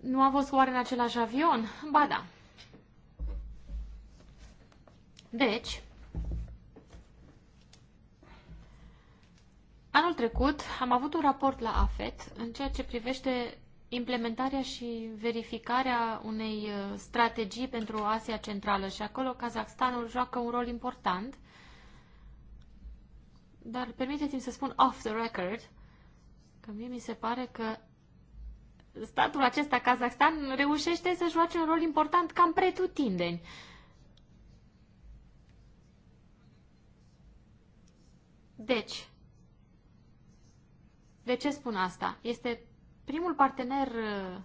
Nu am fost oare în același avion? Ba da. Deci, anul trecut am avut un raport la AFET în ceea ce privește implementarea și verificarea unei uh, strategii pentru Asia Centrală și acolo Kazakhstanul joacă un rol important. Dar permiteți-mi să spun off the record că mie mi se pare că statul acesta, Kazakhstan, reușește să joace un rol important cam pretutindeni. Deci, de ce spun asta? Este primul partener uh,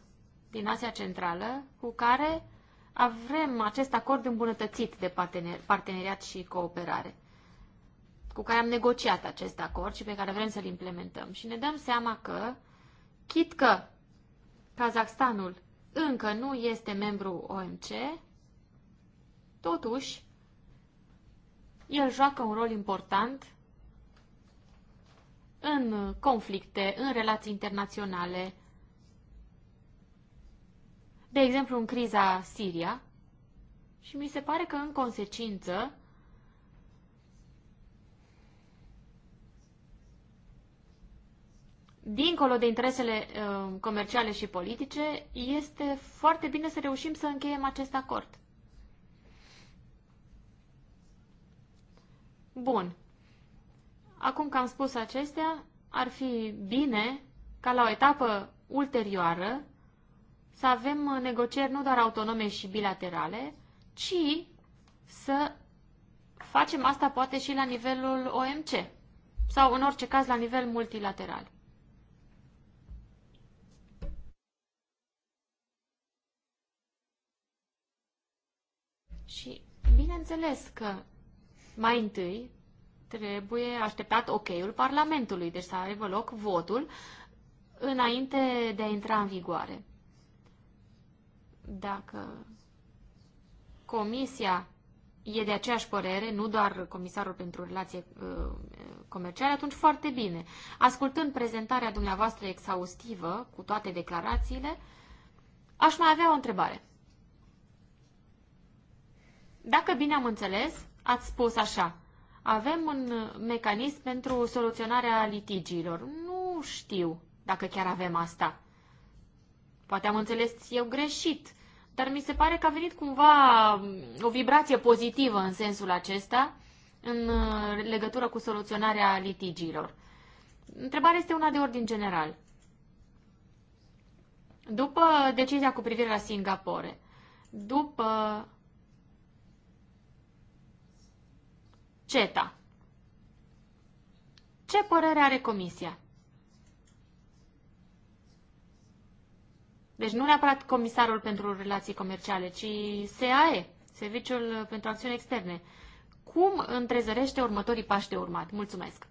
din Asia Centrală cu care avem acest acord îmbunătățit de partener, parteneriat și cooperare, cu care am negociat acest acord și pe care vrem să-l implementăm. Și ne dăm seama că, chit că Kazakhstanul încă nu este membru OMC, totuși, el joacă un rol important în conflicte, în relații internaționale. De exemplu, în criza Siria. Și mi se pare că, în consecință, dincolo de interesele uh, comerciale și politice, este foarte bine să reușim să încheiem acest acord. Bun. Acum că am spus acestea, ar fi bine ca la o etapă ulterioară să avem negocieri nu doar autonome și bilaterale, ci să facem asta poate și la nivelul OMC sau în orice caz la nivel multilateral. Și bineînțeles că mai întâi trebuie așteptat ok-ul Parlamentului, deci să aibă loc votul înainte de a intra în vigoare. Dacă Comisia e de aceeași părere, nu doar Comisarul pentru Relație uh, Comerciale, atunci foarte bine. Ascultând prezentarea dumneavoastră exhaustivă cu toate declarațiile, aș mai avea o întrebare. Dacă bine am înțeles, ați spus așa avem un mecanism pentru soluționarea litigiilor. Nu știu dacă chiar avem asta. Poate am înțeles eu greșit, dar mi se pare că a venit cumva o vibrație pozitivă în sensul acesta în uh, legătură cu soluționarea litigiilor. Întrebarea este una de ordin general. După decizia cu privire la Singapore, după CETA. Ce părere are Comisia? Deci nu neapărat Comisarul pentru Relații Comerciale, ci SAE, Serviciul pentru Acțiuni Externe. Cum întrezărește următorii pași de urmat? Mulțumesc!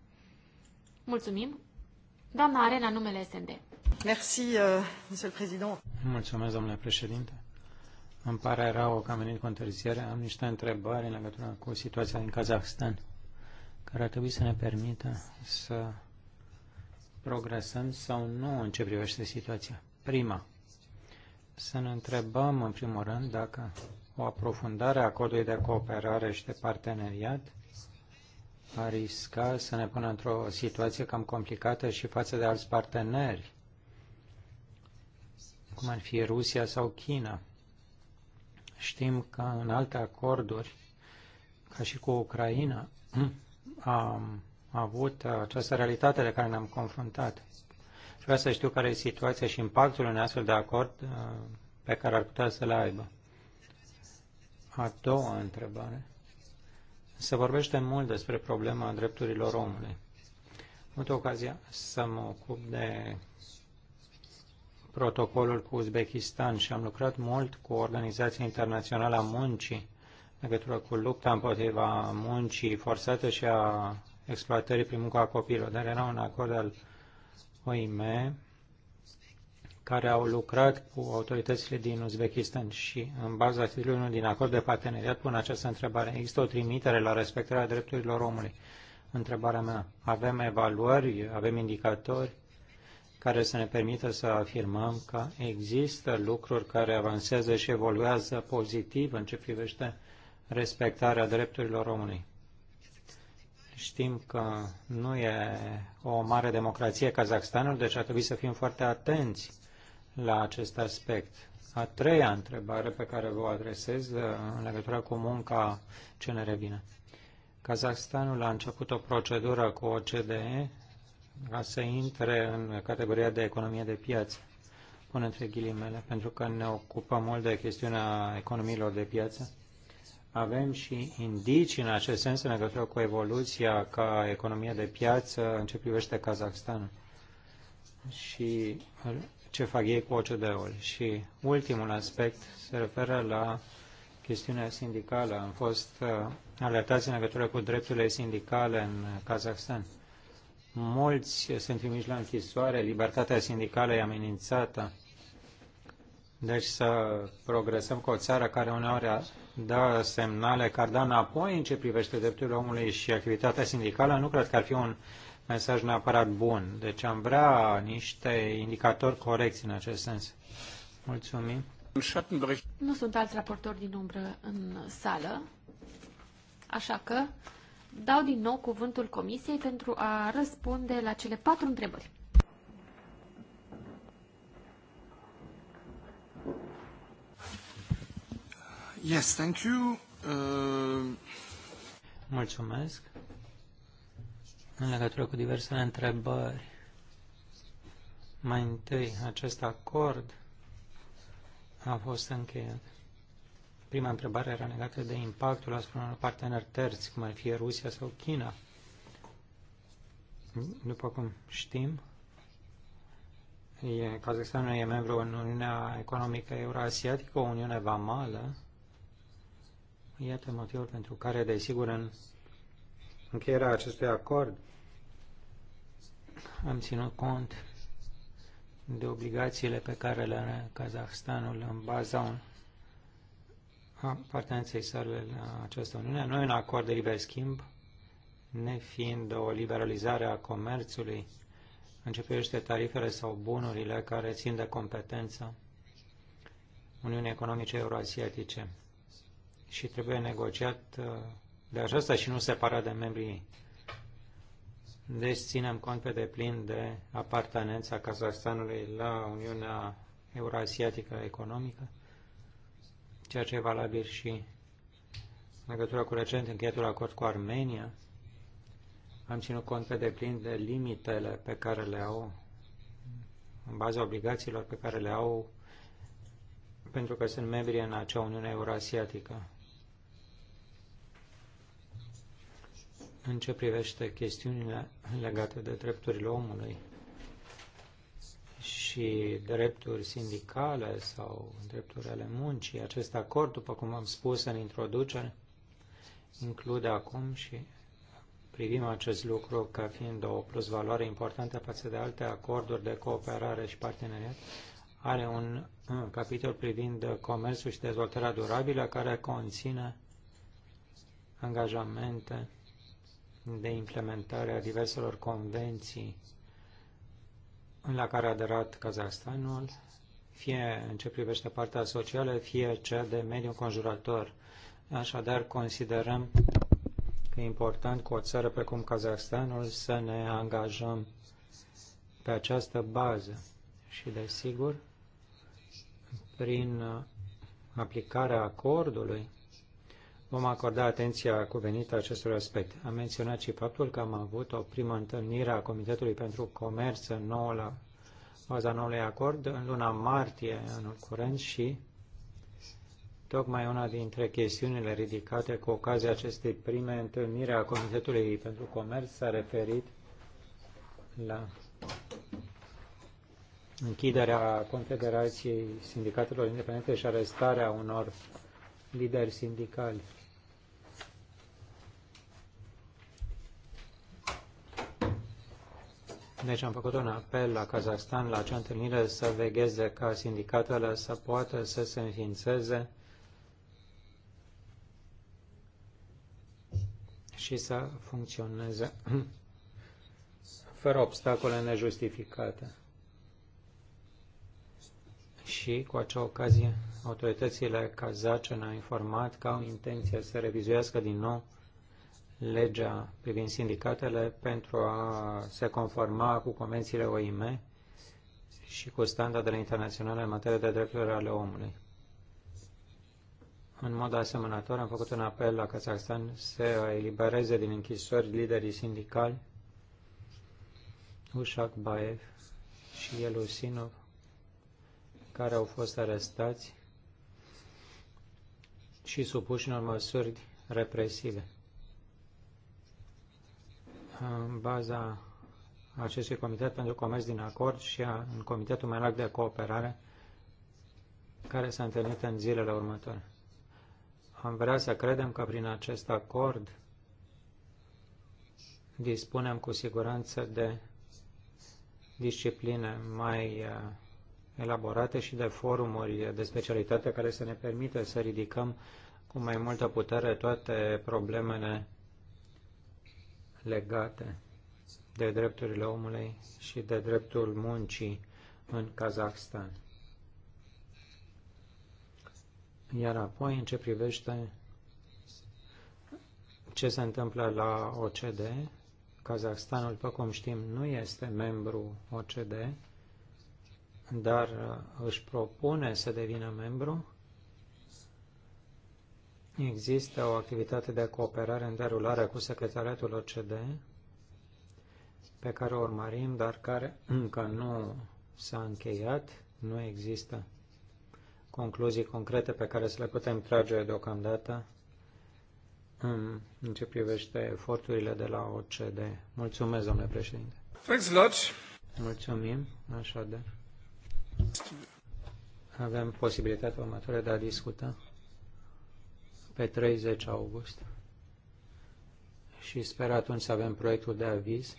Mulțumim! Doamna Arena, numele SND. Merci, uh, Mulțumesc, domnule președinte. Îmi pare rău că am venit cu întârziere. Am niște întrebări în legătură cu situația din Kazahstan, care ar trebui să ne permită să progresăm sau nu în ce privește situația. Prima, să ne întrebăm în primul rând dacă o aprofundare a acordului de cooperare și de parteneriat ar risca să ne pună într-o situație cam complicată și față de alți parteneri, cum ar fi Rusia sau China Știm că în alte acorduri, ca și cu Ucraina, am avut această realitate de care ne-am confruntat. Și vreau să știu care e situația și impactul unui astfel de acord uh, pe care ar putea să le aibă. A doua întrebare. Se vorbește mult despre problema drepturilor omului. Am avut ocazia să mă ocup de protocolul cu Uzbekistan și am lucrat mult cu Organizația Internațională a Muncii în legătură cu lupta împotriva muncii forțate și a exploatării prin munca copilor, dar era un acord al OIM care au lucrat cu autoritățile din Uzbekistan și în baza titlului din acord de parteneriat pun această întrebare. Există o trimitere la respectarea drepturilor omului. Întrebarea mea, avem evaluări, avem indicatori care să ne permită să afirmăm că există lucruri care avansează și evoluează pozitiv în ce privește respectarea drepturilor omului. Știm că nu e o mare democrație Kazakhstanul, deci ar trebui să fim foarte atenți la acest aspect. A treia întrebare pe care vă o adresez uh, în legătură cu munca ce ne revine. Kazahstanul a început o procedură cu OCDE a să intre în categoria de economie de piață, pun între ghilimele, pentru că ne ocupăm mult de chestiunea economiilor de piață. Avem și indicii în acest sens în legătură cu evoluția ca economie de piață în ce privește Kazakhstan și ce fac ei cu OCD-ul. Și ultimul aspect se referă la chestiunea sindicală. Am fost uh, alertați în legătură cu drepturile sindicale în Kazakhstan. Mulți sunt trimiși la închisoare, libertatea sindicală e amenințată. Deci să progresăm cu o țară care uneori dă semnale că ar da înapoi în ce privește drepturile omului și activitatea sindicală, nu cred că ar fi un mesaj neapărat bun. Deci am vrea niște indicatori corecți în acest sens. Mulțumim. Nu sunt alți raportori din umbră în sală, așa că dau din nou cuvântul Comisiei pentru a răspunde la cele patru întrebări. Yes, thank you. Uh... Mulțumesc. În legătură cu diversele întrebări, mai întâi, acest acord a fost încheiat Prima întrebare era legată de impactul asupra unor parteneri terți, cum ar fi Rusia sau China. După cum știm, e, Kazakhstanul e membru în Uniunea Economică Euroasiatică, o Uniune Vamală. Iată motivul pentru care, desigur, în încheierea acestui acord am ținut cont de obligațiile pe care le are Kazahstanul în baza unui apartenței sale la această Uniune, nu e un acord de liber schimb, nefiind o liberalizare a comerțului în ce privește tarifele sau bunurile care țin de competența Uniunii Economice Euroasiatice și trebuie negociat uh, de aceasta și nu separat de membrii ei. Deci ținem cont pe deplin de apartenența Kazahstanului la Uniunea Euroasiatică Economică ceea ce e valabil și în legătură cu recent încheietul acord cu Armenia. Am ținut cont pe deplin de limitele pe care le au, în baza obligațiilor pe care le au, pentru că sunt membri în acea Uniune Eurasiatică. În ce privește chestiunile legate de drepturile omului, și drepturi sindicale sau drepturi ale muncii. Acest acord, după cum am spus în introducere, include acum și privim acest lucru ca fiind o plusvaloare importantă față de alte acorduri de cooperare și parteneriat, are un, un capitol privind comerțul și dezvoltarea durabilă care conține angajamente de implementare a diverselor convenții la care a aderat Kazahstanul, fie în ce privește partea socială, fie cea de mediu conjurator, Așadar, considerăm că e important cu o țară precum Kazahstanul să ne angajăm pe această bază și, desigur, prin aplicarea acordului vom acorda atenția cuvenită acestor aspecte. Am menționat și faptul că am avut o primă întâlnire a Comitetului pentru Comerț în nouă la baza noului acord în luna martie anul curent și tocmai una dintre chestiunile ridicate cu ocazia acestei prime întâlniri a Comitetului pentru Comerț s-a referit la închiderea Confederației Sindicatelor Independente și arestarea unor lideri sindicali. Deci am făcut un apel la Kazahstan, la acea întâlnire, să vegheze ca sindicatele să poată să se înființeze și să funcționeze fără obstacole nejustificate. Și cu acea ocazie, autoritățile kazace ne-au informat că au intenția să revizuiască din nou legea privind sindicatele pentru a se conforma cu convențiile OIM și cu standardele internaționale în materie de drepturile ale omului. În mod asemănător, am făcut un apel la Kazakhstan să elibereze din închisori liderii sindicali Ushak Baev și Elusinov, care au fost arestați și supuși unor măsuri represive în baza acestui Comitet pentru Comerț din Acord și a, în Comitetul mai larg de cooperare, care s-a întâlnit în zilele următoare. Am vrea să credem că prin acest acord dispunem cu siguranță de discipline mai uh, elaborate și de forumuri de specialitate care să ne permită să ridicăm cu mai multă putere toate problemele legate de drepturile omului și de dreptul muncii în Kazahstan. Iar apoi, în ce privește ce se întâmplă la OCD, Kazahstanul, după cum știm, nu este membru OCD, dar uh, își propune să devină membru Există o activitate de cooperare în derulare cu Secretariatul OCD pe care o urmărim, dar care încă nu s-a încheiat, nu există concluzii concrete pe care să le putem trage deocamdată în ce privește eforturile de la OCD. Mulțumesc, domnule președinte. Thanks a lot. Mulțumim, așadar. Avem posibilitatea următoare de a discuta pe 30 august și sper atunci să avem proiectul de aviz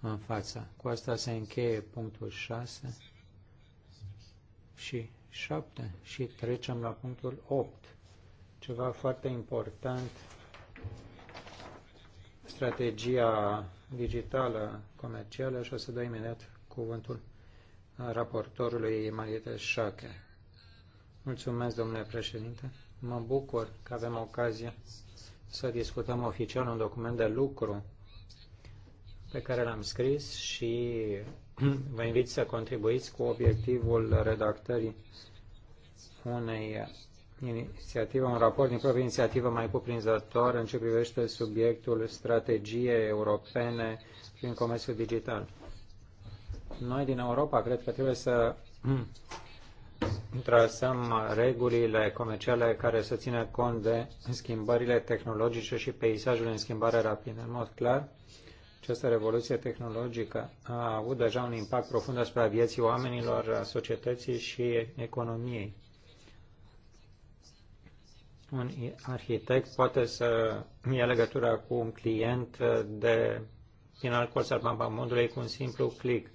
în fața. Cu asta se încheie punctul 6 și 7 și trecem la punctul 8. Ceva foarte important, strategia digitală comercială și o să dau imediat cuvântul raportorului Marieta Șache. Mulțumesc, domnule președinte. Mă bucur că avem ocazia să discutăm oficial un document de lucru pe care l-am scris și vă invit să contribuiți cu obiectivul redactării unei inițiative, un raport din propria inițiativă mai cuprinzător în ce privește subiectul strategie europene prin comerțul digital. Noi din Europa cred că trebuie să trasăm regulile comerciale care să țină cont de schimbările tehnologice și peisajul în schimbare rapidă. În mod clar, această revoluție tehnologică a avut deja un impact profund asupra vieții oamenilor, a societății și economiei. Un arhitect poate să ia legătura cu un client de din alt colț al pamondului cu un simplu click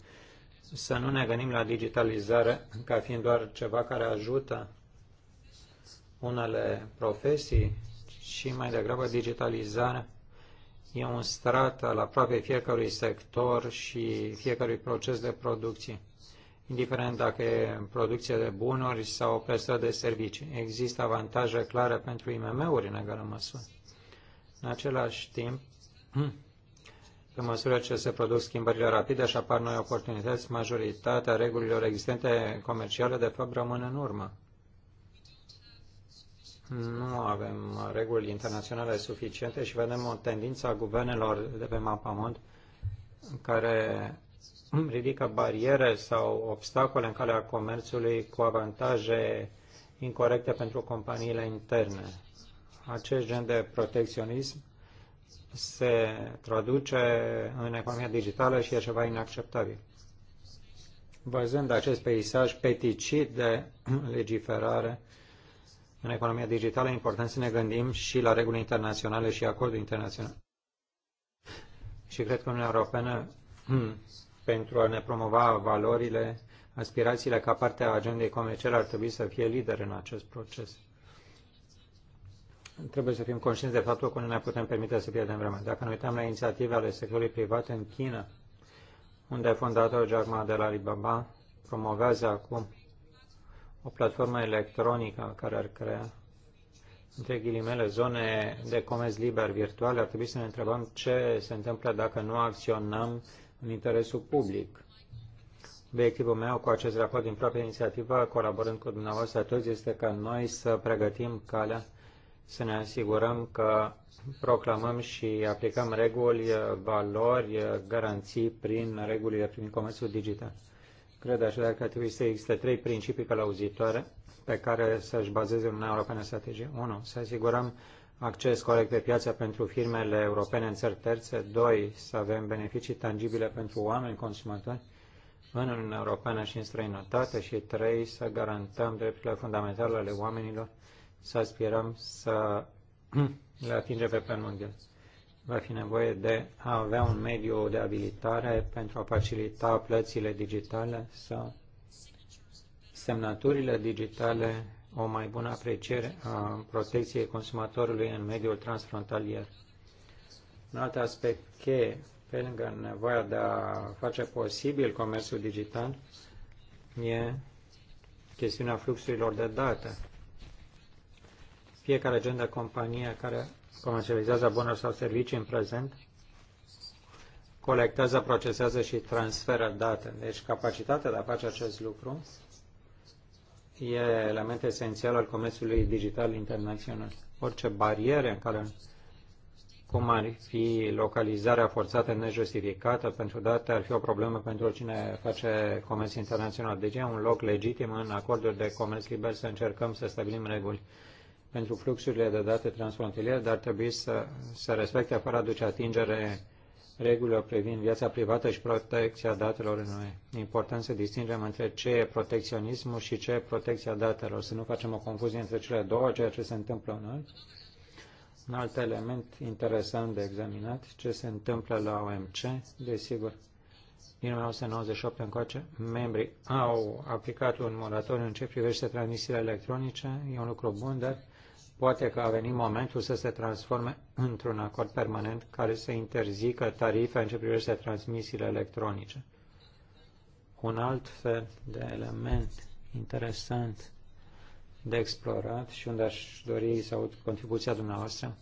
să nu ne gândim la digitalizare ca fiind doar ceva care ajută unele profesii, ci mai degrabă digitalizarea e un strat al aproape fiecărui sector și fiecărui proces de producție, indiferent dacă e producție de bunuri sau prestări de servicii. Există avantaje clare pentru IMM-uri în egală măsură. În același timp, Pe măsură ce se produc schimbările rapide și apar noi oportunități, majoritatea regulilor existente comerciale, de fapt, rămân în urmă. Nu avem reguli internaționale suficiente și vedem o tendință a guvernelor de pe mapamont care ridică bariere sau obstacole în calea comerțului cu avantaje incorrecte pentru companiile interne. Acest gen de protecționism se traduce în economia digitală și e ceva inacceptabil. Văzând acest peisaj peticit de legiferare în economia digitală, e important să ne gândim și la reguli internaționale și acorduri internaționale. Și cred că Uniunea Europeană, pentru a ne promova valorile, aspirațiile ca parte a agendei comerciale, ar trebui să fie lider în acest proces trebuie să fim conștienți de faptul că nu ne putem permite să pierdem vremea. Dacă ne uităm la inițiative ale sectorului privat în China, unde fondatorul Jack Ma de la Alibaba promovează acum o platformă electronică care ar crea între ghilimele, zone de comerț liber virtual. ar trebui să ne întrebăm ce se întâmplă dacă nu acționăm în interesul public. Obiectivul meu cu acest raport din propria inițiativă, colaborând cu dumneavoastră toți, este ca noi să pregătim calea să ne asigurăm că proclamăm și aplicăm reguli, valori, garanții prin regulile prin comerțul digital. Cred așadar că trebuie să existe trei principii călăuzitoare pe care să-și bazeze Uniunea Europeană strategie. 1. Să asigurăm acces corect pe piață pentru firmele europene în țări terțe. 2. Să avem beneficii tangibile pentru oameni consumatori în Uniunea Europeană și în străinătate. Și 3. Să garantăm drepturile fundamentale ale oamenilor să aspirăm să le atingem pe plan mondial. Va fi nevoie de a avea un mediu de abilitare pentru a facilita plățile digitale sau semnăturile digitale, o mai bună apreciere a protecției consumatorului în mediul transfrontalier. Un alt aspect cheie, pe lângă nevoia de a face posibil comerțul digital, e chestiunea fluxurilor de date. Fiecare gen de companie care comercializează bunuri sau servicii în prezent colectează, procesează și transferă date. Deci capacitatea de a face acest lucru e element esențial al comerțului digital internațional. Orice bariere în care cum ar fi localizarea forțată nejustificată pentru date, ar fi o problemă pentru cine face comerț internațional. Deci e un loc legitim în acorduri de comerț liber să încercăm să stabilim reguli pentru fluxurile de date transfrontaliere, dar trebuie să se respecte fără duce atingere regulilor privind viața privată și protecția datelor în noi. E important să distingem între ce e protecționismul și ce e protecția datelor, să nu facem o confuzie între cele două, ceea ce se întâmplă în noi. Un alt element interesant de examinat, ce se întâmplă la OMC, desigur, din 1998 încoace, membrii au aplicat un moratoriu în ce privește transmisiile electronice, e un lucru bun, dar Poate că a venit momentul să se transforme într-un acord permanent care să interzică tarife în ce privește transmisiile electronice. Un alt fel de element interesant de explorat și unde aș dori să aud contribuția dumneavoastră,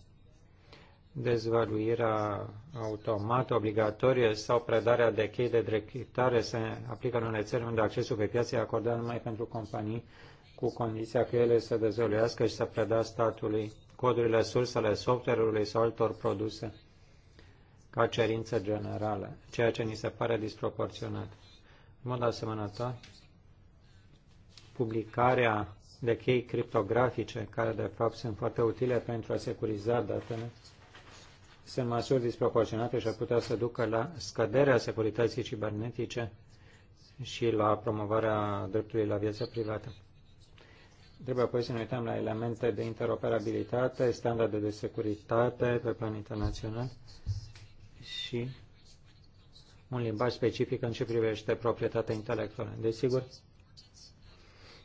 dezvăluirea automată, obligatorie sau predarea de chei de dreptare se aplică în unele țări unde accesul pe piață e acordat numai pentru companii cu condiția că ele se dezvăluiască și să predea statului codurile sursele software-ului sau altor produse ca cerință generală, ceea ce ni se pare disproporționat. În mod asemănător, publicarea de chei criptografice, care de fapt sunt foarte utile pentru a securiza datele, sunt măsuri disproporționate și ar putea să ducă la scăderea securității cibernetice și la promovarea dreptului la viața privată. Trebuie apoi să ne uităm la elemente de interoperabilitate, standarde de securitate pe plan internațional și un limbaj specific în ce privește proprietatea intelectuală. Desigur,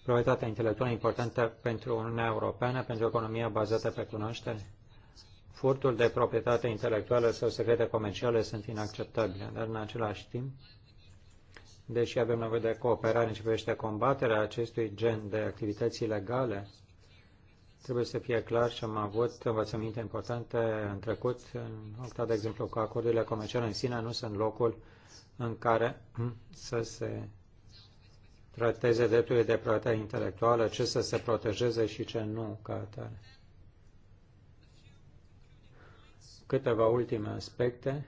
proprietatea intelectuală e importantă pentru Uniunea Europeană, pentru economia bazată pe cunoaștere. Furtul de proprietate intelectuală sau secrete comerciale sunt inacceptabile, dar în același timp Deși avem nevoie de cooperare în ce privește combaterea acestui gen de activități ilegale, trebuie să fie clar și am avut învățăminte importante în trecut. în dat, de exemplu, că acordurile comerciale în sine nu sunt locul în care să se trateze drepturile de proprietate intelectuală, ce să se protejeze și ce nu ca atare. Câteva ultime aspecte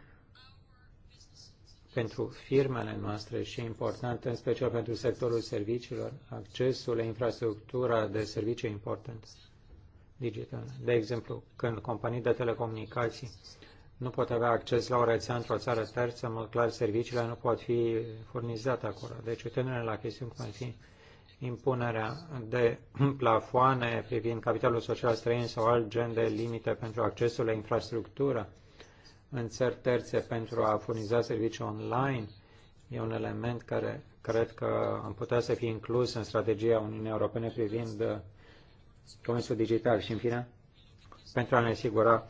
pentru firmele noastre și important, în special pentru sectorul serviciilor, accesul la infrastructura de servicii important digital. De exemplu, când companii de telecomunicații nu pot avea acces la o rețea într-o țară terță, în mod clar, serviciile nu pot fi furnizate acolo. Deci, uitându-ne la chestiuni cum ar fi impunerea de plafoane privind capitalul social străin sau alt gen de limite pentru accesul la infrastructură, în țări terțe pentru a furniza servicii online e un element care cred că am putea să fie inclus în strategia Uniunii Europene privind uh, comerțul digital. Și în fine, pentru a ne asigura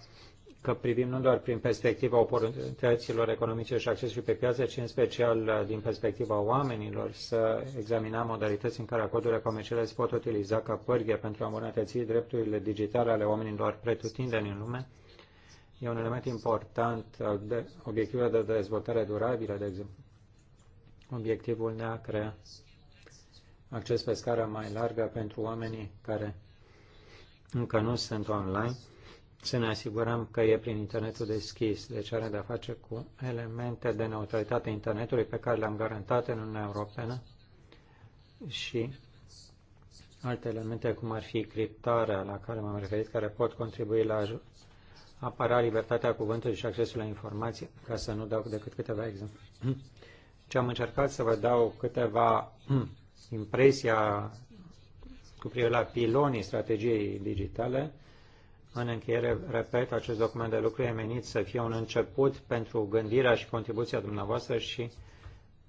că privim nu doar prin perspectiva oportunităților economice și accesului pe piață, ci în special uh, din perspectiva oamenilor, să examinăm modalități în care acordurile comerciale se pot utiliza ca pârghie pentru a îmbunătăți drepturile digitale ale oamenilor pretutindeni în lume E un element important al de obiectivului de dezvoltare durabilă, de exemplu. Obiectivul de a crea acces pe scară mai largă pentru oamenii care încă nu sunt online, să ne asigurăm că e prin internetul deschis, deci are de-a face cu elemente de neutralitate internetului pe care le-am garantat în Uniunea Europeană și alte elemente, cum ar fi criptarea la care m-am referit, care pot contribui la apărea libertatea cuvântului și accesul la informații, ca să nu dau decât câteva exemple. Ce am încercat să vă dau câteva impresia cu privire la pilonii strategiei digitale. În încheiere, repet, acest document de lucru e menit să fie un început pentru gândirea și contribuția dumneavoastră și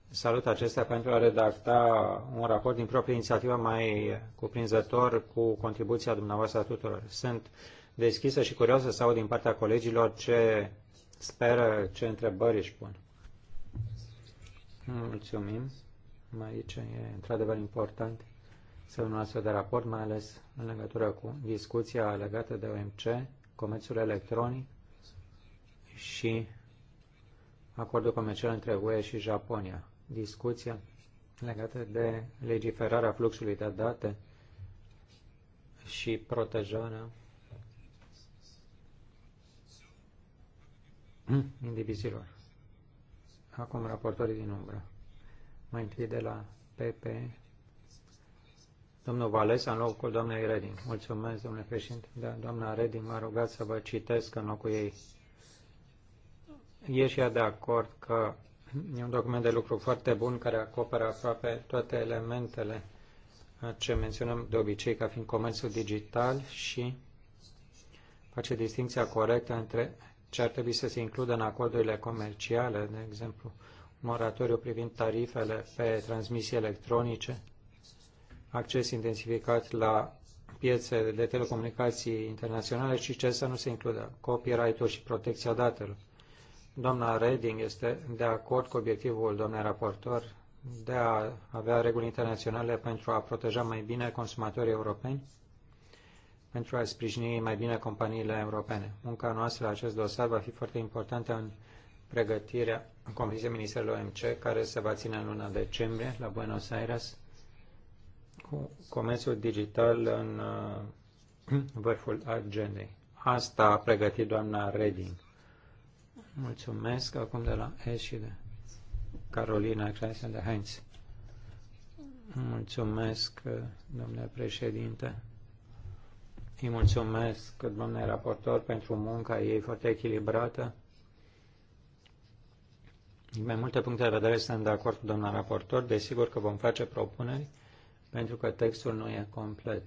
salut acestea pentru a redacta un raport din proprie inițiativă mai cuprinzător cu contribuția dumneavoastră a tuturor. Sunt deschisă și curioasă să aud din partea colegilor ce speră, ce întrebări își pun. Mulțumim. Aici e într-adevăr important să un astfel de raport, mai ales în legătură cu discuția legată de OMC, comerțul electronic și acordul comercial între UE și Japonia. Discuția legată de legiferarea fluxului de date și protejarea Hmm? indivizilor. Acum raportorii din umbră. Mai întâi de la PP, domnul Valesa în locul doamnei Reding. Mulțumesc, domnule președinte. Da, doamna Reding m-a rugat să vă citesc în locul ei. E și ea de acord că e un document de lucru foarte bun care acoperă aproape toate elementele ce menționăm de obicei ca fiind comerțul digital și face distinția corectă între ce ar trebui să se includă în acordurile comerciale, de exemplu, moratoriu privind tarifele pe transmisii electronice, acces intensificat la piețe de telecomunicații internaționale și ce să nu se includă, copyright-ul și protecția datelor. Doamna Reding este de acord cu obiectivul domnului raportor de a avea reguli internaționale pentru a proteja mai bine consumatorii europeni pentru a sprijini mai bine companiile europene. Munca noastră la acest dosar va fi foarte importantă în pregătirea Comisiei Ministerului OMC, care se va ține în luna decembrie la Buenos Aires, cu comerțul digital în uh, vârful agendei. Asta a pregătit doamna Reding. Mulțumesc acum de la S și de Carolina Claisen de Heinz. Mulțumesc, uh, domnule președinte. Îi mulțumesc, domnule raportor, pentru munca ei foarte echilibrată. Din mai multe puncte de vedere sunt de acord cu domnul raportor. Desigur că vom face propuneri pentru că textul nu e complet.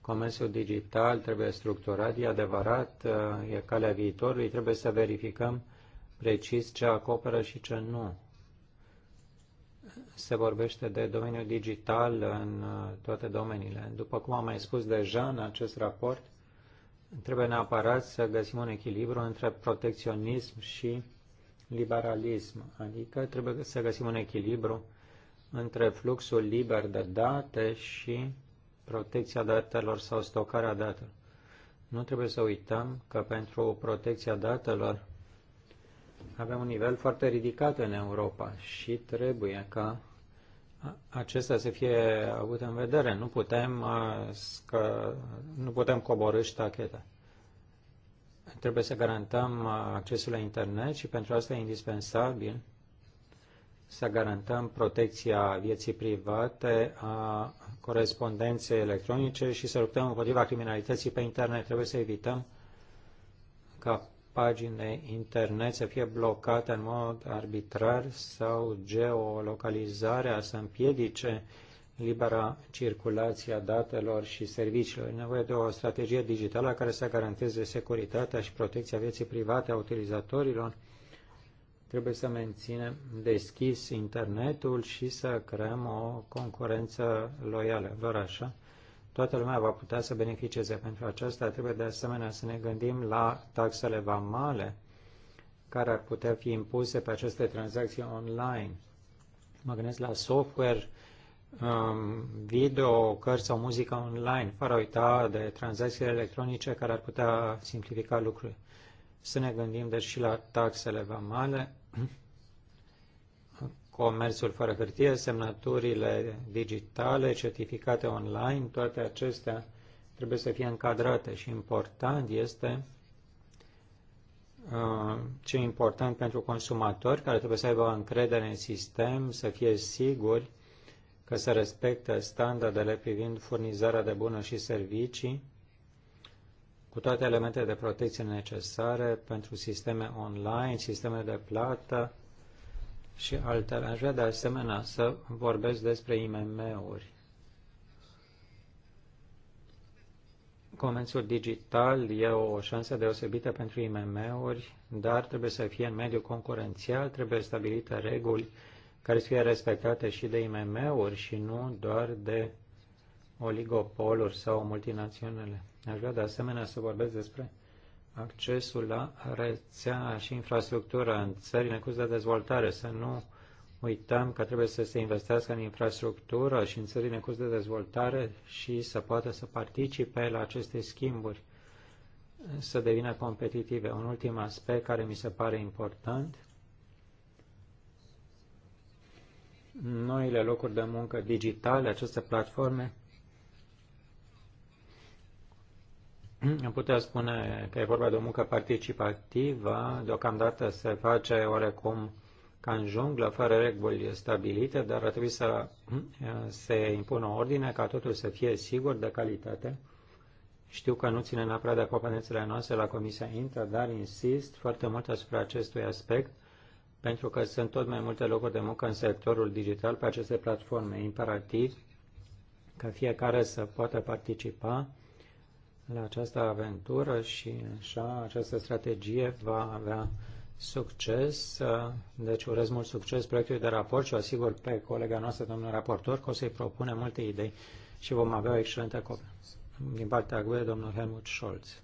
Comerțul digital trebuie structurat, e adevărat, e calea viitorului, trebuie să verificăm precis ce acoperă și ce nu se vorbește de domeniul digital în uh, toate domeniile. După cum am mai spus deja în acest raport, trebuie neapărat să găsim un echilibru între protecționism și liberalism, adică trebuie să găsim un echilibru între fluxul liber de date și protecția datelor sau stocarea datelor. Nu trebuie să uităm că pentru protecția datelor avem un nivel foarte ridicat în Europa și trebuie ca acesta să fie avut în vedere. Nu putem, scă, nu putem coborâ ștacheta. Trebuie să garantăm accesul la internet și pentru asta e indispensabil să garantăm protecția vieții private, a corespondenței electronice și să luptăm împotriva criminalității pe internet. Trebuie să evităm ca pagini de internet să fie blocate în mod arbitrar sau geolocalizarea să împiedice libera circulație a datelor și serviciilor. E nevoie de o strategie digitală care să garanteze securitatea și protecția vieții private a utilizatorilor. Trebuie să menținem deschis internetul și să creăm o concurență loială. Doar așa toată lumea va putea să beneficieze. Pentru aceasta trebuie de asemenea să ne gândim la taxele vamale care ar putea fi impuse pe aceste tranzacții online. Mă gândesc la software, um, video, cărți sau muzică online, fără a uita de tranzacțiile electronice care ar putea simplifica lucrurile. Să ne gândim deci și la taxele vamale comerțul fără hârtie, semnăturile digitale, certificate online, toate acestea trebuie să fie încadrate și important este uh, ce e important pentru consumatori care trebuie să aibă încredere în sistem, să fie siguri că se respectă standardele privind furnizarea de bunuri și servicii cu toate elementele de protecție necesare pentru sisteme online, sisteme de plată, și altele. Aș vrea de asemenea să vorbesc despre IMM-uri. Comențul digital e o șansă deosebită pentru IMM-uri, dar trebuie să fie în mediul concurențial, trebuie stabilite reguli care să fie respectate și de IMM-uri și nu doar de oligopoluri sau multinaționale. Aș vrea de asemenea să vorbesc despre accesul la rețea și infrastructură în țările în curs de dezvoltare, să nu uităm că trebuie să se investească în infrastructură și în țările în curs de dezvoltare și să poată să participe la aceste schimburi, să devină competitive. Un ultim aspect care mi se pare important, noile locuri de muncă digitale, aceste platforme, Am putea spune că e vorba de o muncă participativă, deocamdată se face oarecum ca în junglă, fără reguli stabilite, dar ar trebui să se impună o ordine ca totul să fie sigur de calitate. Știu că nu ține neapărat de competențele noastre la Comisia Intra, dar insist foarte mult asupra acestui aspect, pentru că sunt tot mai multe locuri de muncă în sectorul digital pe aceste platforme. imperativ ca fiecare să poată participa la această aventură și așa această strategie va avea succes. Deci urez mult succes proiectului de raport și o asigur pe colega noastră, domnul raportor, că o să-i propune multe idei și vom avea o excelentă copie. Din partea GUE, domnul Helmut Scholz.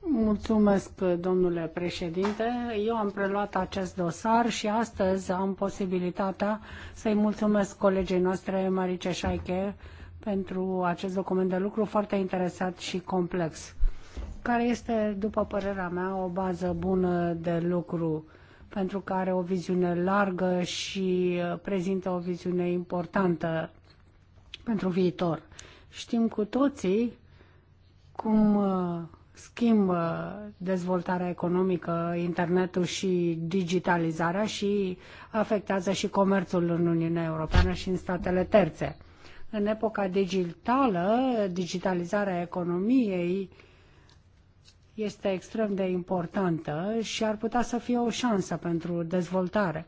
Mulțumesc, domnule președinte. Eu am preluat acest dosar și astăzi am posibilitatea să-i mulțumesc colegii noastre, Marice Șaiche, pentru acest document de lucru foarte interesat și complex, care este, după părerea mea, o bază bună de lucru pentru că are o viziune largă și uh, prezintă o viziune importantă pentru viitor. Știm cu toții cum uh, schimbă dezvoltarea economică, internetul și digitalizarea și afectează și comerțul în Uniunea Europeană și în statele terțe în epoca digitală, digitalizarea economiei este extrem de importantă și ar putea să fie o șansă pentru dezvoltare.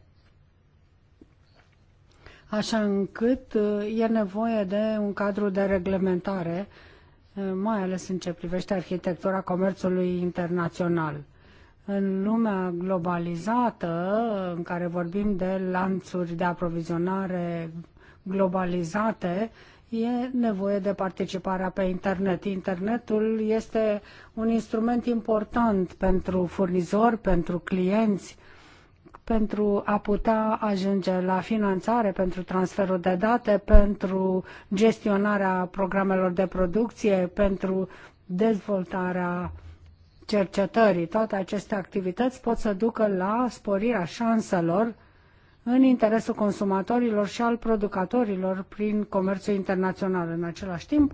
Așa încât e nevoie de un cadru de reglementare, mai ales în ce privește arhitectura comerțului internațional în lumea globalizată, în care vorbim de lanțuri de aprovizionare globalizate, e nevoie de participarea pe internet. Internetul este un instrument important pentru furnizori, pentru clienți, pentru a putea ajunge la finanțare, pentru transferul de date, pentru gestionarea programelor de producție, pentru dezvoltarea cercetării. Toate aceste activități pot să ducă la sporirea șanselor în interesul consumatorilor și al producătorilor prin comerțul internațional. În același timp,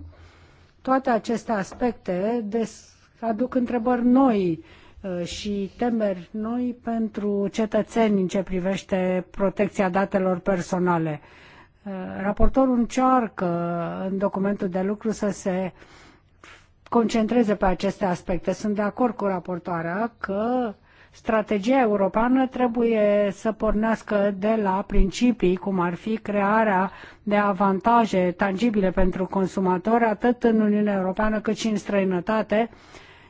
toate aceste aspecte des, aduc întrebări noi uh, și temeri noi pentru cetățeni în ce privește protecția datelor personale. Uh, raportorul încearcă în documentul de lucru să se concentreze pe aceste aspecte. Sunt de acord cu raportoarea că Strategia europeană trebuie să pornească de la principii, cum ar fi crearea de avantaje tangibile pentru consumatori, atât în Uniunea Europeană cât și în străinătate,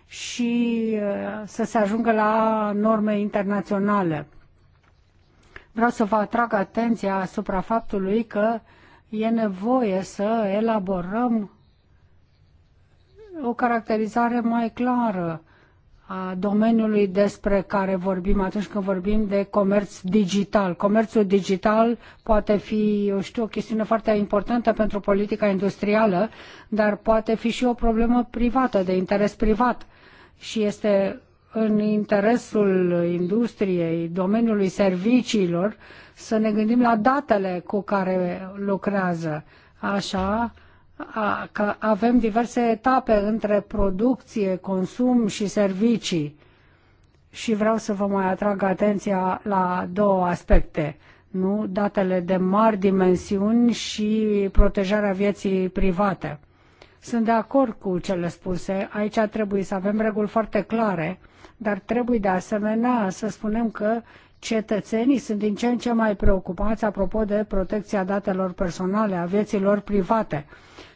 și uh, să se ajungă la norme internaționale. Vreau să vă atrag atenția asupra faptului că e nevoie să elaborăm o caracterizare mai clară a domeniului despre care vorbim atunci când vorbim de comerț digital. Comerțul digital poate fi, eu știu, o chestiune foarte importantă pentru politica industrială, dar poate fi și o problemă privată, de interes privat. Și este în interesul industriei, domeniului serviciilor, să ne gândim la datele cu care lucrează. Așa, că avem diverse etape între producție, consum și servicii. Și vreau să vă mai atrag atenția la două aspecte. Nu? Datele de mari dimensiuni și protejarea vieții private. Sunt de acord cu cele spuse. Aici trebuie să avem reguli foarte clare, dar trebuie de asemenea să spunem că Cetățenii sunt din ce în ce mai preocupați apropo de protecția datelor personale, a vieților private.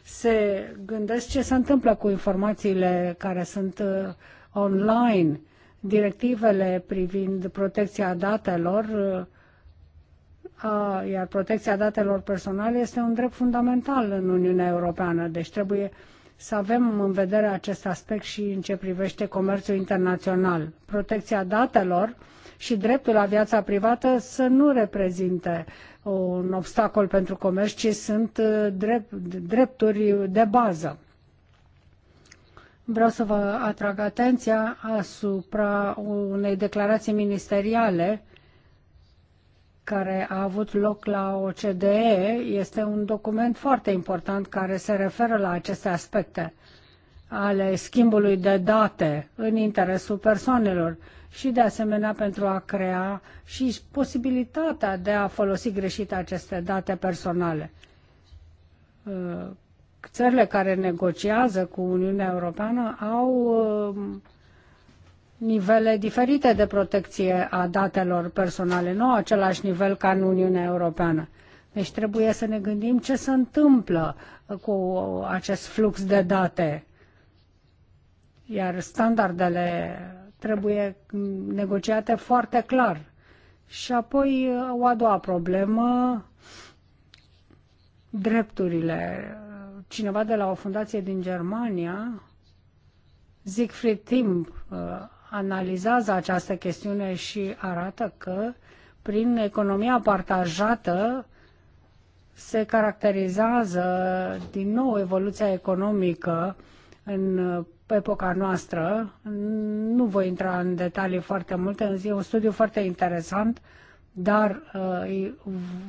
Se gândesc ce se întâmplă cu informațiile care sunt uh, online. Directivele privind protecția datelor uh, a, iar protecția datelor personale este un drept fundamental în Uniunea Europeană, deci trebuie să avem în vedere acest aspect și în ce privește comerțul internațional. Protecția datelor și dreptul la viața privată să nu reprezinte un obstacol pentru comerț, ci sunt uh, drept, drepturi de bază. Vreau să vă atrag atenția asupra unei declarații ministeriale care a avut loc la OCDE. Este un document foarte important care se referă la aceste aspecte ale schimbului de date în interesul persoanelor și de asemenea pentru a crea și posibilitatea de a folosi greșit aceste date personale. Uh, țările care negociază cu Uniunea Europeană au uh, nivele diferite de protecție a datelor personale, nu același nivel ca în Uniunea Europeană. Deci trebuie să ne gândim ce se întâmplă cu acest flux de date. Iar standardele trebuie negociate foarte clar. Și apoi o a doua problemă, drepturile. Cineva de la o fundație din Germania, Siegfried Tim, uh, analizează această chestiune și arată că prin economia partajată se caracterizează din nou evoluția economică în pe epoca noastră. Nu voi intra în detalii foarte multe, e un studiu foarte interesant, dar uh,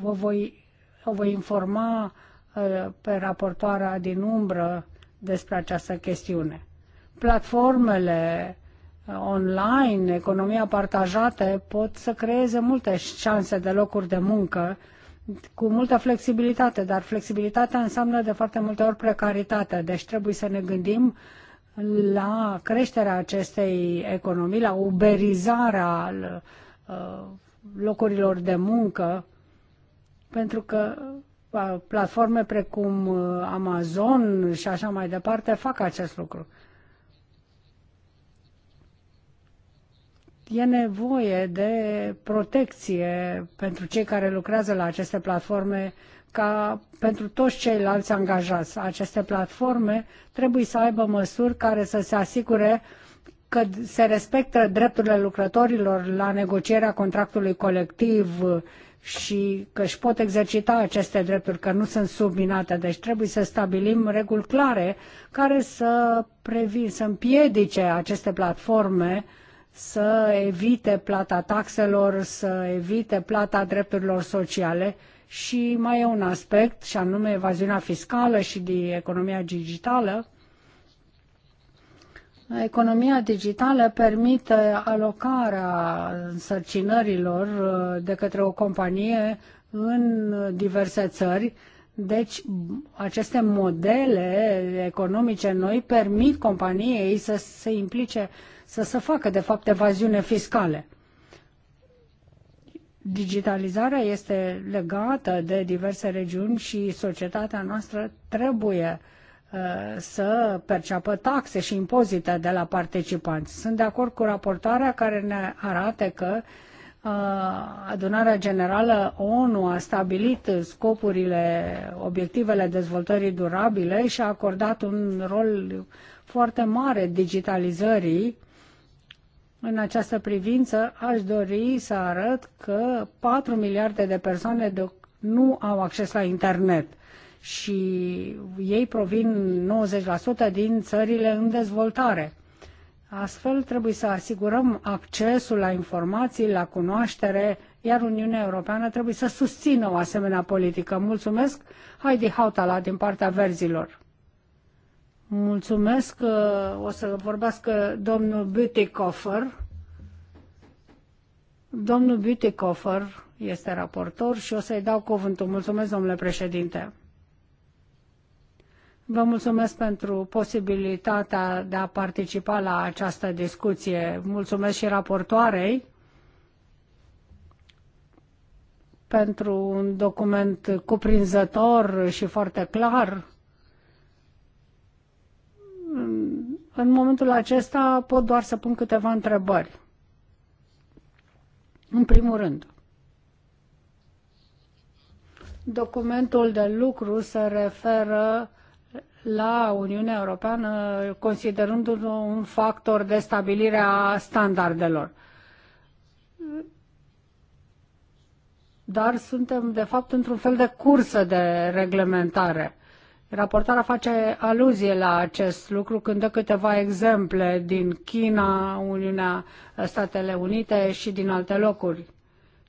vă voi, vă voi informa uh, pe raportoarea din umbră despre această chestiune. Platformele uh, online, economia partajată pot să creeze multe șanse de locuri de muncă cu multă flexibilitate, dar flexibilitatea înseamnă de foarte multe ori precaritate, deci trebuie să ne gândim uh, la creșterea acestei economii, la uberizarea uh, locurilor de muncă, pentru că uh, platforme precum uh, Amazon și așa mai departe fac acest lucru. E nevoie de protecție pentru cei care lucrează la aceste platforme ca pentru toți ceilalți angajați. Aceste platforme trebuie să aibă măsuri care să se asigure că se respectă drepturile lucrătorilor la negocierea contractului colectiv și că își pot exercita aceste drepturi, că nu sunt subminate. Deci trebuie să stabilim reguli clare care să previn, să împiedice aceste platforme să evite plata taxelor, să evite plata drepturilor sociale și mai e un aspect, și anume evaziunea fiscală și de economia digitală. Economia digitală permite alocarea însărcinărilor uh, de către o companie în diverse țări. Deci, aceste modele economice noi permit companiei să se implice, să se facă, de fapt, evaziune fiscale. Digitalizarea este legată de diverse regiuni și societatea noastră trebuie uh, să perceapă taxe și impozite de la participanți. Sunt de acord cu raportarea care ne arată că uh, adunarea generală ONU a stabilit scopurile, obiectivele dezvoltării durabile și a acordat un rol foarte mare digitalizării uh, în această privință, aș dori să arăt că 4 miliarde de persoane de nu au acces la internet și ei provin 90% din țările în dezvoltare. Astfel, trebuie să asigurăm accesul la informații, la cunoaștere, iar Uniunea Europeană trebuie să susțină o asemenea politică. Mulțumesc, Heidi Hautala, din partea verzilor. Mulțumesc, o să vorbească domnul Bütikofer. Domnul Bütikofer este raportor și o să-i dau cuvântul. Mulțumesc, domnule președinte. Vă mulțumesc pentru posibilitatea de a participa la această discuție. Mulțumesc și raportoarei pentru un document cuprinzător și foarte clar În momentul acesta pot doar să pun câteva întrebări. În primul rând, documentul de lucru se referă la Uniunea Europeană considerându-l un factor de stabilire a standardelor. Dar suntem, de fapt, într-un fel de cursă de reglementare. Raportarea face aluzie la acest lucru când dă câteva exemple din China, Uniunea, Statele Unite și din alte locuri.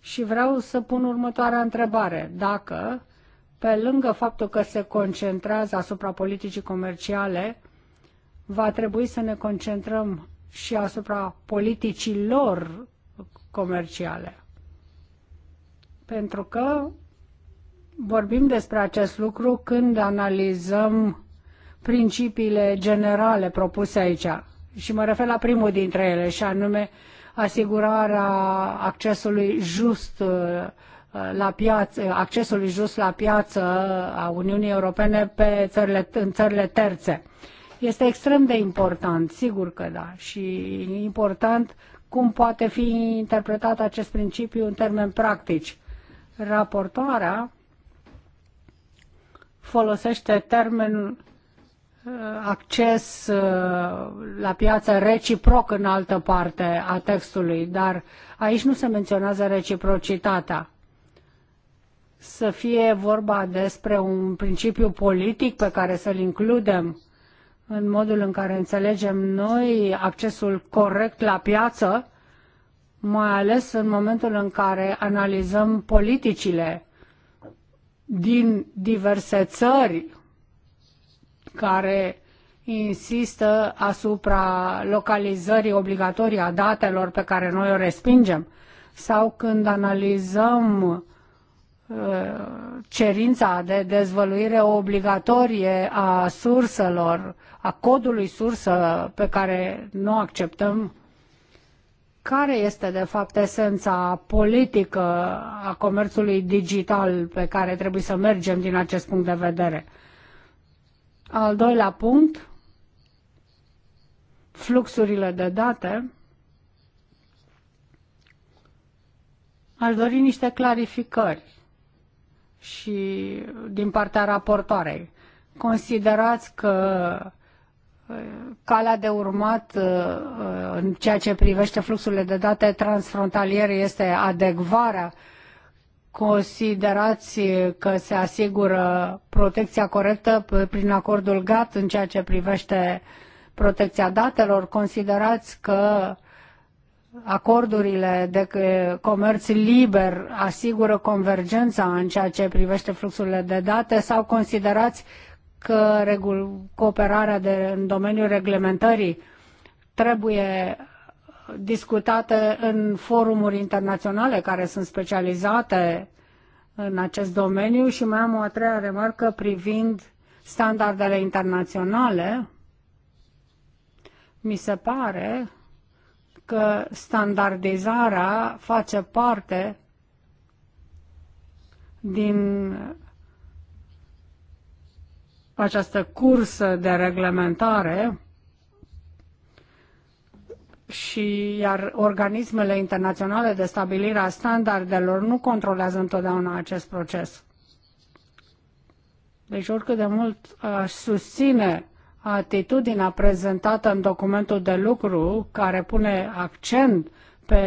Și vreau să pun următoarea întrebare. Dacă, pe lângă faptul că se concentrează asupra politicii comerciale, va trebui să ne concentrăm și asupra politicilor comerciale. Pentru că vorbim despre acest lucru când analizăm principiile generale propuse aici. Și mă refer la primul dintre ele, și anume asigurarea accesului just uh, la piață, accesului just la piață a Uniunii Europene pe țările, în țările terțe. Este extrem de important, sigur că da, și important cum poate fi interpretat acest principiu în termeni practici. Raportoarea folosește termenul uh, acces uh, la piață reciproc în altă parte a textului, dar aici nu se menționează reciprocitatea. Să fie vorba despre un principiu politic pe care să-l includem în modul în care înțelegem noi accesul corect la piață, mai ales în momentul în care analizăm politicile din diverse țări care insistă asupra localizării obligatorii a datelor pe care noi o respingem sau când analizăm uh, cerința de dezvăluire obligatorie a surselor, a codului sursă pe care nu o acceptăm care este de fapt esența politică a comerțului digital pe care trebuie să mergem din acest punct de vedere. Al doilea punct, fluxurile de date. Aș dori niște clarificări și din partea raportoarei. Considerați că calea de urmat uh, uh, în ceea ce privește fluxurile de date transfrontaliere este adecvarea. Considerați că se asigură protecția corectă prin acordul GATT în ceea ce privește protecția datelor? Considerați că acordurile de comerț liber asigură convergența în ceea ce privește fluxurile de date sau considerați că regul, cooperarea de, în domeniul reglementării trebuie discutată în forumuri internaționale care sunt specializate în acest domeniu și mai am o a treia remarcă privind standardele internaționale. Mi se pare că standardizarea face parte din această cursă de reglementare și iar organismele internaționale de stabilire a standardelor nu controlează întotdeauna acest proces. Deci oricât de mult aș uh, susține atitudinea prezentată în documentul de lucru care pune accent pe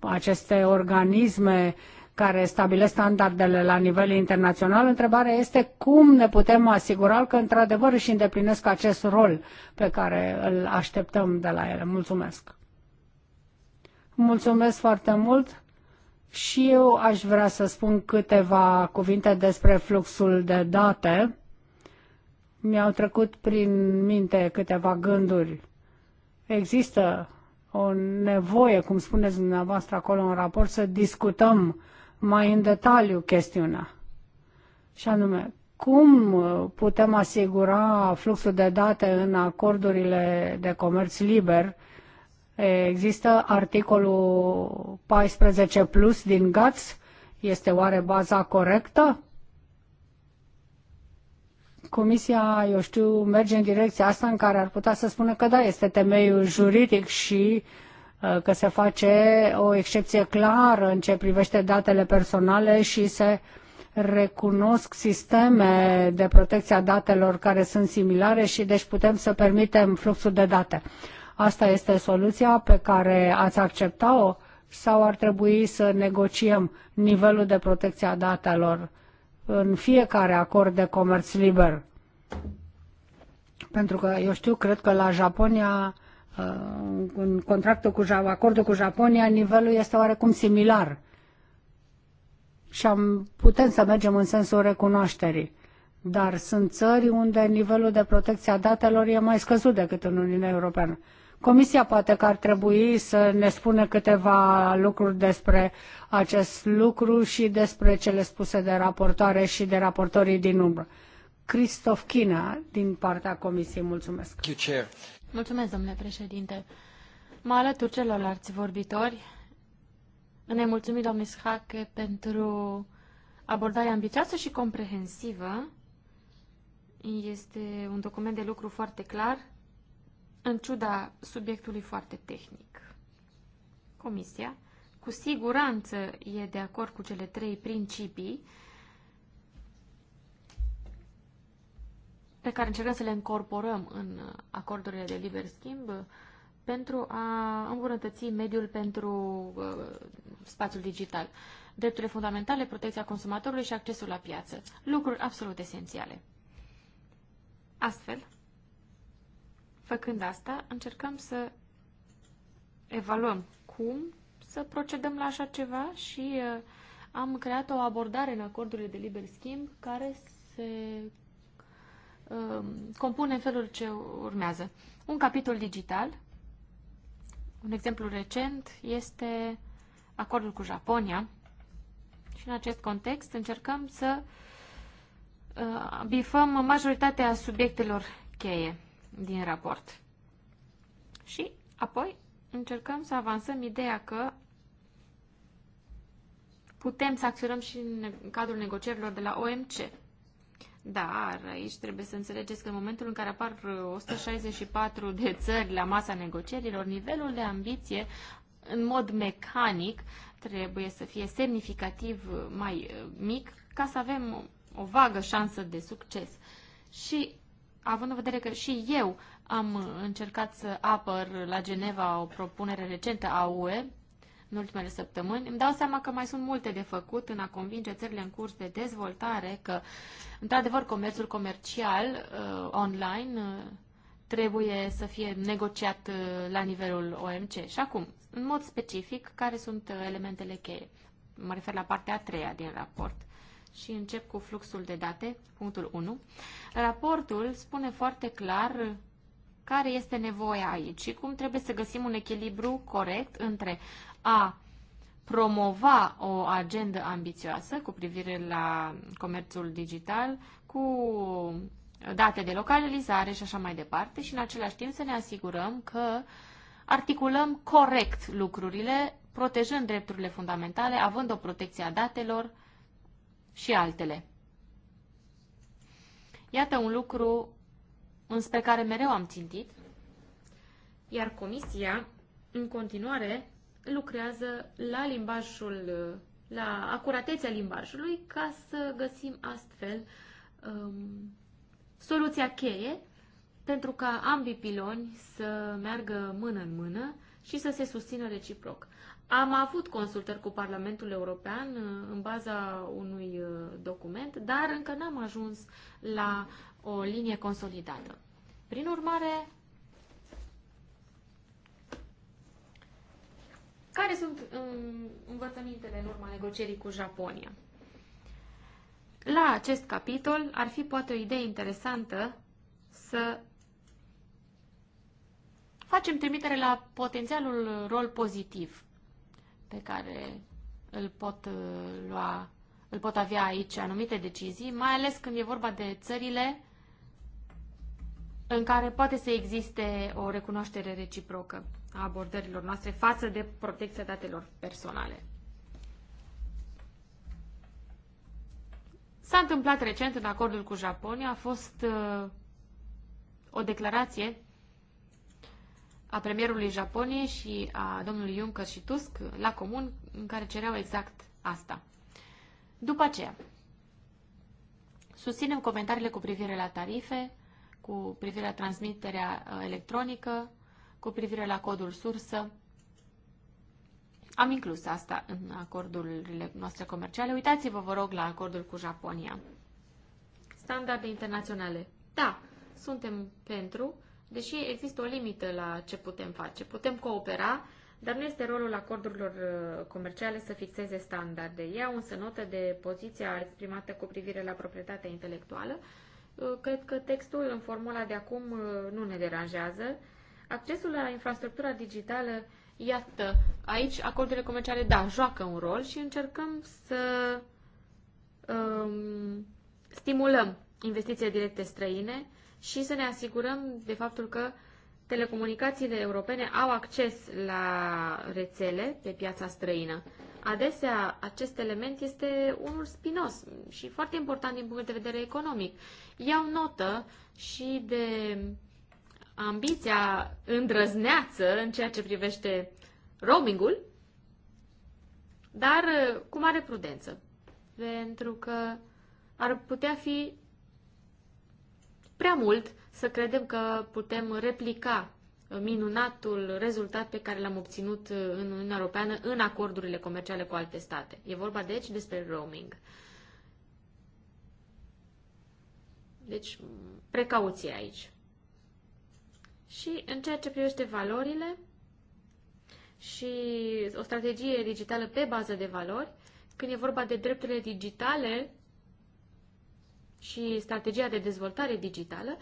aceste organisme uh, care stabilesc standardele la nivel internațional. Întrebarea este cum ne putem asigura că într-adevăr își îndeplinesc acest rol pe care îl așteptăm de la ele. Mulțumesc! Mulțumesc foarte mult! Și eu aș vrea să spun câteva cuvinte despre fluxul de date. Mi-au trecut prin minte câteva gânduri. Există o nevoie, cum spuneți dumneavoastră acolo în raport, să discutăm mai în detaliu chestiunea. Și anume, cum uh, putem asigura fluxul de date în acordurile de comerț liber? Există articolul 14 plus din GATS. Este oare baza corectă? Comisia, eu știu, merge în direcția asta în care ar putea să spună că da, este temeiul juridic și uh, Uh, că se face o excepție clară în ce privește datele personale și se recunosc sisteme de protecție a datelor care sunt similare și deci putem să permitem fluxul de date. Asta este soluția pe care ați accepta-o sau ar trebui să negociem nivelul de protecție a datelor în fiecare acord de comerț liber? Pentru că, eu știu, cred că la Japonia Uh, în contractul cu, acordul cu Japonia, nivelul este oarecum similar și am, putem să mergem în sensul recunoașterii. Dar sunt țări unde nivelul de protecție a datelor e mai scăzut decât în Uniunea Europeană. Comisia poate că ar trebui să ne spună câteva lucruri despre acest lucru și despre cele spuse de raportoare și de raportorii din umbră. Christoph Kina din partea Comisiei, mulțumesc. Mulțumesc, domnule președinte. Mă alătur celorlalți vorbitori. Ne mulțumim, doamne Schache, pentru abordarea ambițioasă și comprehensivă. Este un document de lucru foarte clar, în ciuda subiectului foarte tehnic. Comisia, cu siguranță, e de acord cu cele trei principii pe care încercăm să le incorporăm în acordurile de liber schimb pentru a îmbunătăți mediul pentru uh, spațiul digital. Drepturile fundamentale, protecția consumatorului și accesul la piață. Lucruri absolut esențiale. Astfel, făcând asta, încercăm să evaluăm cum să procedăm la așa ceva și uh, am creat o abordare în acordurile de liber schimb care se Um, compune în felul ce urmează. Un capitol digital, un exemplu recent este acordul cu Japonia și în acest context încercăm să uh, bifăm majoritatea subiectelor cheie din raport. Și apoi încercăm să avansăm ideea că putem să acționăm și în cadrul negocierilor de la OMC. Dar aici trebuie să înțelegeți că în momentul în care apar 164 de țări la masa negocierilor, nivelul de ambiție în mod mecanic trebuie să fie semnificativ mai eh, mic ca să avem o vagă șansă de succes. Și având în vedere că și eu am încercat să apăr la Geneva o propunere recentă a UE în ultimele săptămâni, îmi dau seama că mai sunt multe de făcut în a convinge țările în curs de dezvoltare că, într-adevăr, comerțul comercial uh, online uh, trebuie să fie negociat uh, la nivelul OMC. Și acum, în mod specific, care sunt uh, elementele cheie? Mă refer la partea a treia din raport și încep cu fluxul de date, punctul 1. Raportul spune foarte clar uh, care este nevoia aici și cum trebuie să găsim un echilibru corect între a promova o agendă ambițioasă cu privire la comerțul digital, cu date de localizare și așa mai departe și în același timp să ne asigurăm că articulăm corect lucrurile, protejând drepturile fundamentale, având o protecție a datelor și altele. Iată un lucru înspre care mereu am țintit, iar Comisia, în continuare, lucrează la limbajul, la acuratețea limbajului ca să găsim astfel um, soluția cheie pentru ca ambii piloni să meargă mână în mână și să se susțină reciproc. Am avut consultări cu Parlamentul European uh, în baza unui uh, document, dar încă n-am ajuns la o linie consolidată. Prin urmare, Care sunt um, învățămintele în urma negocierii cu Japonia? La acest capitol ar fi poate o idee interesantă să facem trimitere la potențialul rol pozitiv pe care îl pot uh, lua, îl pot avea aici anumite decizii, mai ales când e vorba de țările în care poate să existe o recunoaștere reciprocă a abordărilor noastre față de protecția datelor personale. S-a întâmplat recent în acordul cu Japonia, a fost uh, o declarație a premierului Japoniei și a domnului Juncker și Tusk la comun în care cereau exact asta. După aceea, susținem comentariile cu privire la tarife, cu privire la transmiterea uh, electronică, cu privire la codul sursă. Am inclus asta în acordurile noastre comerciale. Uitați-vă, vă rog, la acordul cu Japonia. Standarde internaționale. Da, suntem pentru, deși există o limită la ce putem face. Putem coopera, dar nu este rolul acordurilor uh, comerciale să fixeze standarde. Ia însă notă de poziția exprimată cu privire la proprietatea intelectuală. Uh, cred că textul în formula de acum uh, nu ne deranjează. Accesul la infrastructura digitală, iată, aici acordurile comerciale, da, joacă un rol și încercăm să um, stimulăm investiții directe străine și să ne asigurăm de faptul că telecomunicațiile europene au acces la rețele pe piața străină. Adesea, acest element este unul spinos și foarte important din punct de vedere economic. Iau notă și de ambiția îndrăzneață în ceea ce privește roamingul, dar uh, cu mare prudență, pentru că ar putea fi prea mult să credem că putem replica minunatul rezultat pe care l-am obținut uh, în Uniunea Europeană în acordurile comerciale cu alte state. E vorba deci despre roaming. Deci, precauție aici. Și în ceea ce privește valorile și o strategie digitală pe bază de valori, când e vorba de drepturile digitale și strategia de dezvoltare digitală,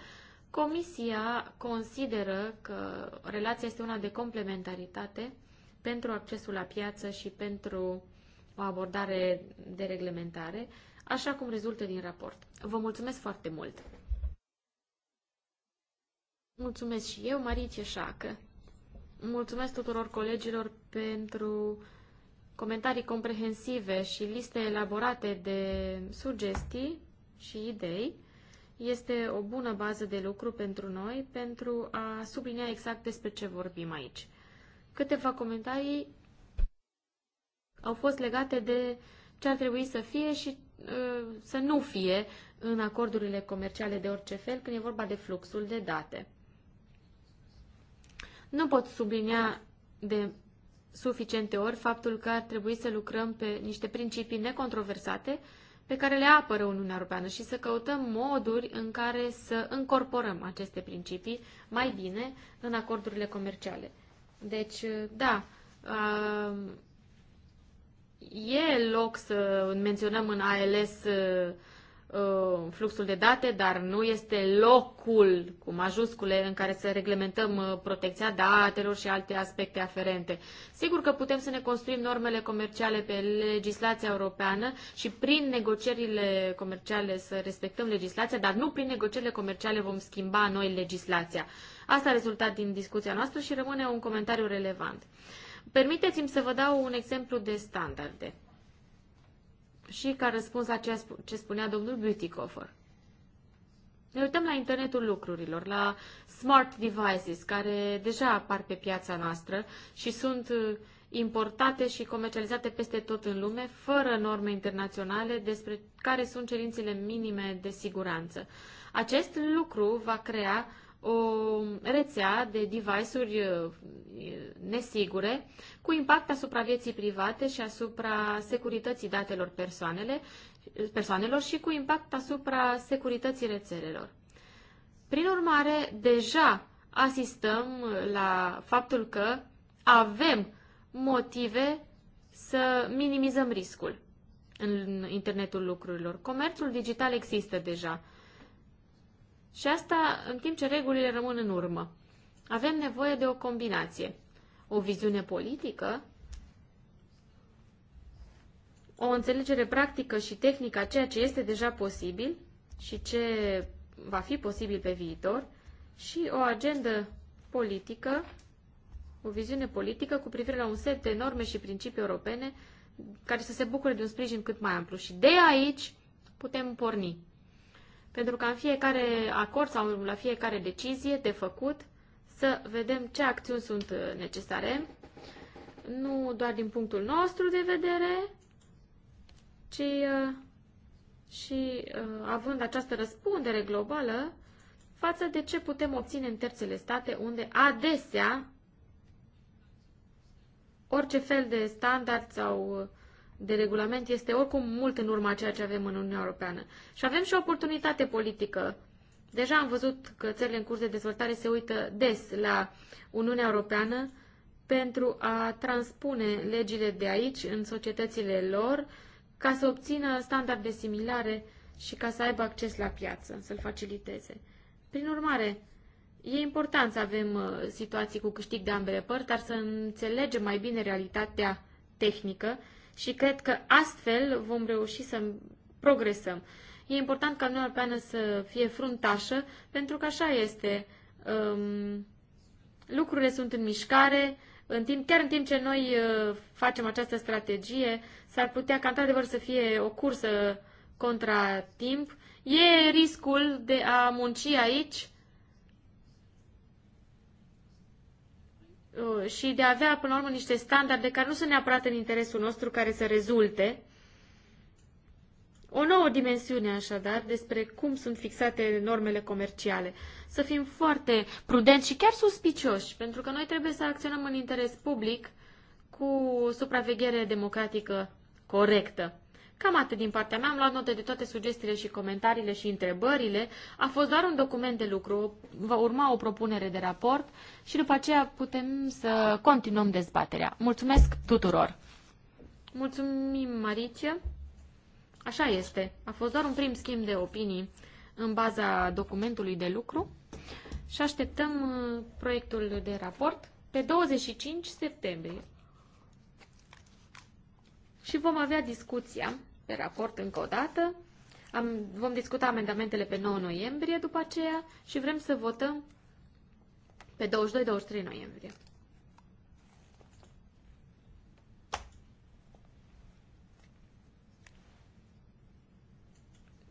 Comisia consideră că relația este una de complementaritate pentru accesul la piață și pentru o abordare de reglementare, așa cum rezultă din raport. Vă mulțumesc foarte mult! Mulțumesc și eu, Marice Șacă. Mulțumesc tuturor colegilor pentru comentarii comprehensive și liste elaborate de sugestii și idei. Este o bună bază de lucru pentru noi pentru a sublinia exact despre ce vorbim aici. Câteva comentarii au fost legate de ce ar trebui să fie și uh, să nu fie în acordurile comerciale de orice fel când e vorba de fluxul de date. Nu pot sublinia de suficiente ori faptul că ar trebui să lucrăm pe niște principii necontroversate pe care le apără Uniunea Europeană și să căutăm moduri în care să încorporăm aceste principii mai bine în acordurile comerciale. Deci, da, uh, e loc să menționăm în ALS uh, Uh, fluxul de date, dar nu este locul cu majuscule în care să reglementăm uh, protecția datelor și alte aspecte aferente. Sigur că putem să ne construim normele comerciale pe legislația europeană și prin negocierile comerciale să respectăm legislația, dar nu prin negocierile comerciale vom schimba noi legislația. Asta a rezultat din discuția noastră și rămâne un comentariu relevant. Permiteți-mi să vă dau un exemplu de standarde și ca răspuns la ceea ce spunea domnul Beautycofer. Ne uităm la internetul lucrurilor, la smart devices care deja apar pe piața noastră și sunt uh, importate și comercializate peste tot în lume, fără norme internaționale despre care sunt cerințele minime de siguranță. Acest lucru va crea o rețea de device-uri uh, nesigure cu impact asupra vieții private și asupra securității datelor persoanele, persoanelor și cu impact asupra securității rețelelor. Prin urmare, deja asistăm la faptul că avem motive să minimizăm riscul în internetul lucrurilor. Comerțul digital există deja. Și asta în timp ce regulile rămân în urmă. Avem nevoie de o combinație. O viziune politică, o înțelegere practică și tehnică a ceea ce este deja posibil și ce va fi posibil pe viitor și o agendă politică, o viziune politică cu privire la un set de norme și principii europene care să se bucure de un sprijin cât mai amplu. Și de aici putem porni pentru ca în fiecare acord sau la fiecare decizie de făcut să vedem ce acțiuni sunt uh, necesare, nu doar din punctul nostru de vedere, ci uh, și uh, având această răspundere globală față de ce putem obține în terțele state unde adesea orice fel de standard sau de regulament este oricum mult în urma ceea ce avem în Uniunea Europeană. Și avem și o oportunitate politică. Deja am văzut că țările în curs de dezvoltare se uită des la Uniunea Europeană pentru a transpune legile de aici în societățile lor ca să obțină standarde similare și ca să aibă acces la piață, să-l faciliteze. Prin urmare, E important să avem uh, situații cu câștig de ambele părți, dar să înțelegem mai bine realitatea tehnică și cred că astfel vom reuși să progresăm. E important ca Uniunea Europeană să fie fruntașă, pentru că așa este. Um, lucrurile sunt în mișcare, în timp, chiar în timp ce noi uh, facem această strategie, s-ar putea ca într-adevăr să fie o cursă contra timp. E riscul de a munci aici Uh, și de a avea, până la urmă, niște standarde care nu sunt neapărat în interesul nostru, care să rezulte. O nouă dimensiune, așadar, despre cum sunt fixate normele comerciale. Să fim foarte prudenți și chiar suspicioși, pentru că noi trebuie să acționăm în interes public cu supraveghere democratică corectă. Cam atât din partea mea, am luat note de toate sugestiile și comentariile și întrebările. A fost doar un document de lucru, va urma o propunere de raport și după aceea putem să continuăm dezbaterea. Mulțumesc tuturor! Mulțumim, Marice! Așa este, a fost doar un prim schimb de opinii în baza documentului de lucru și așteptăm uh, proiectul de raport pe 25 septembrie și vom avea discuția pe raport încă o dată. Am, vom discuta amendamentele pe 9 noiembrie după aceea și vrem să votăm pe 22-23 noiembrie.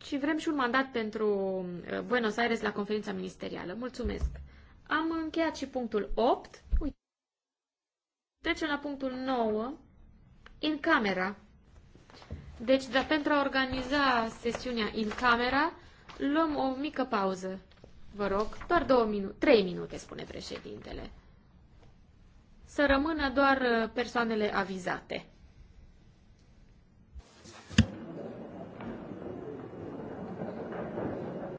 Și vrem și un mandat pentru uh, Buenos Aires la conferința ministerială. Mulțumesc! Am încheiat și punctul 8. Uite. Trecem la punctul 9. În camera. Deci, dar pentru a organiza sesiunea în camera, luăm o mică pauză. Vă rog, doar două minute, trei minute, spune președintele. Să rămână doar uh, persoanele avizate.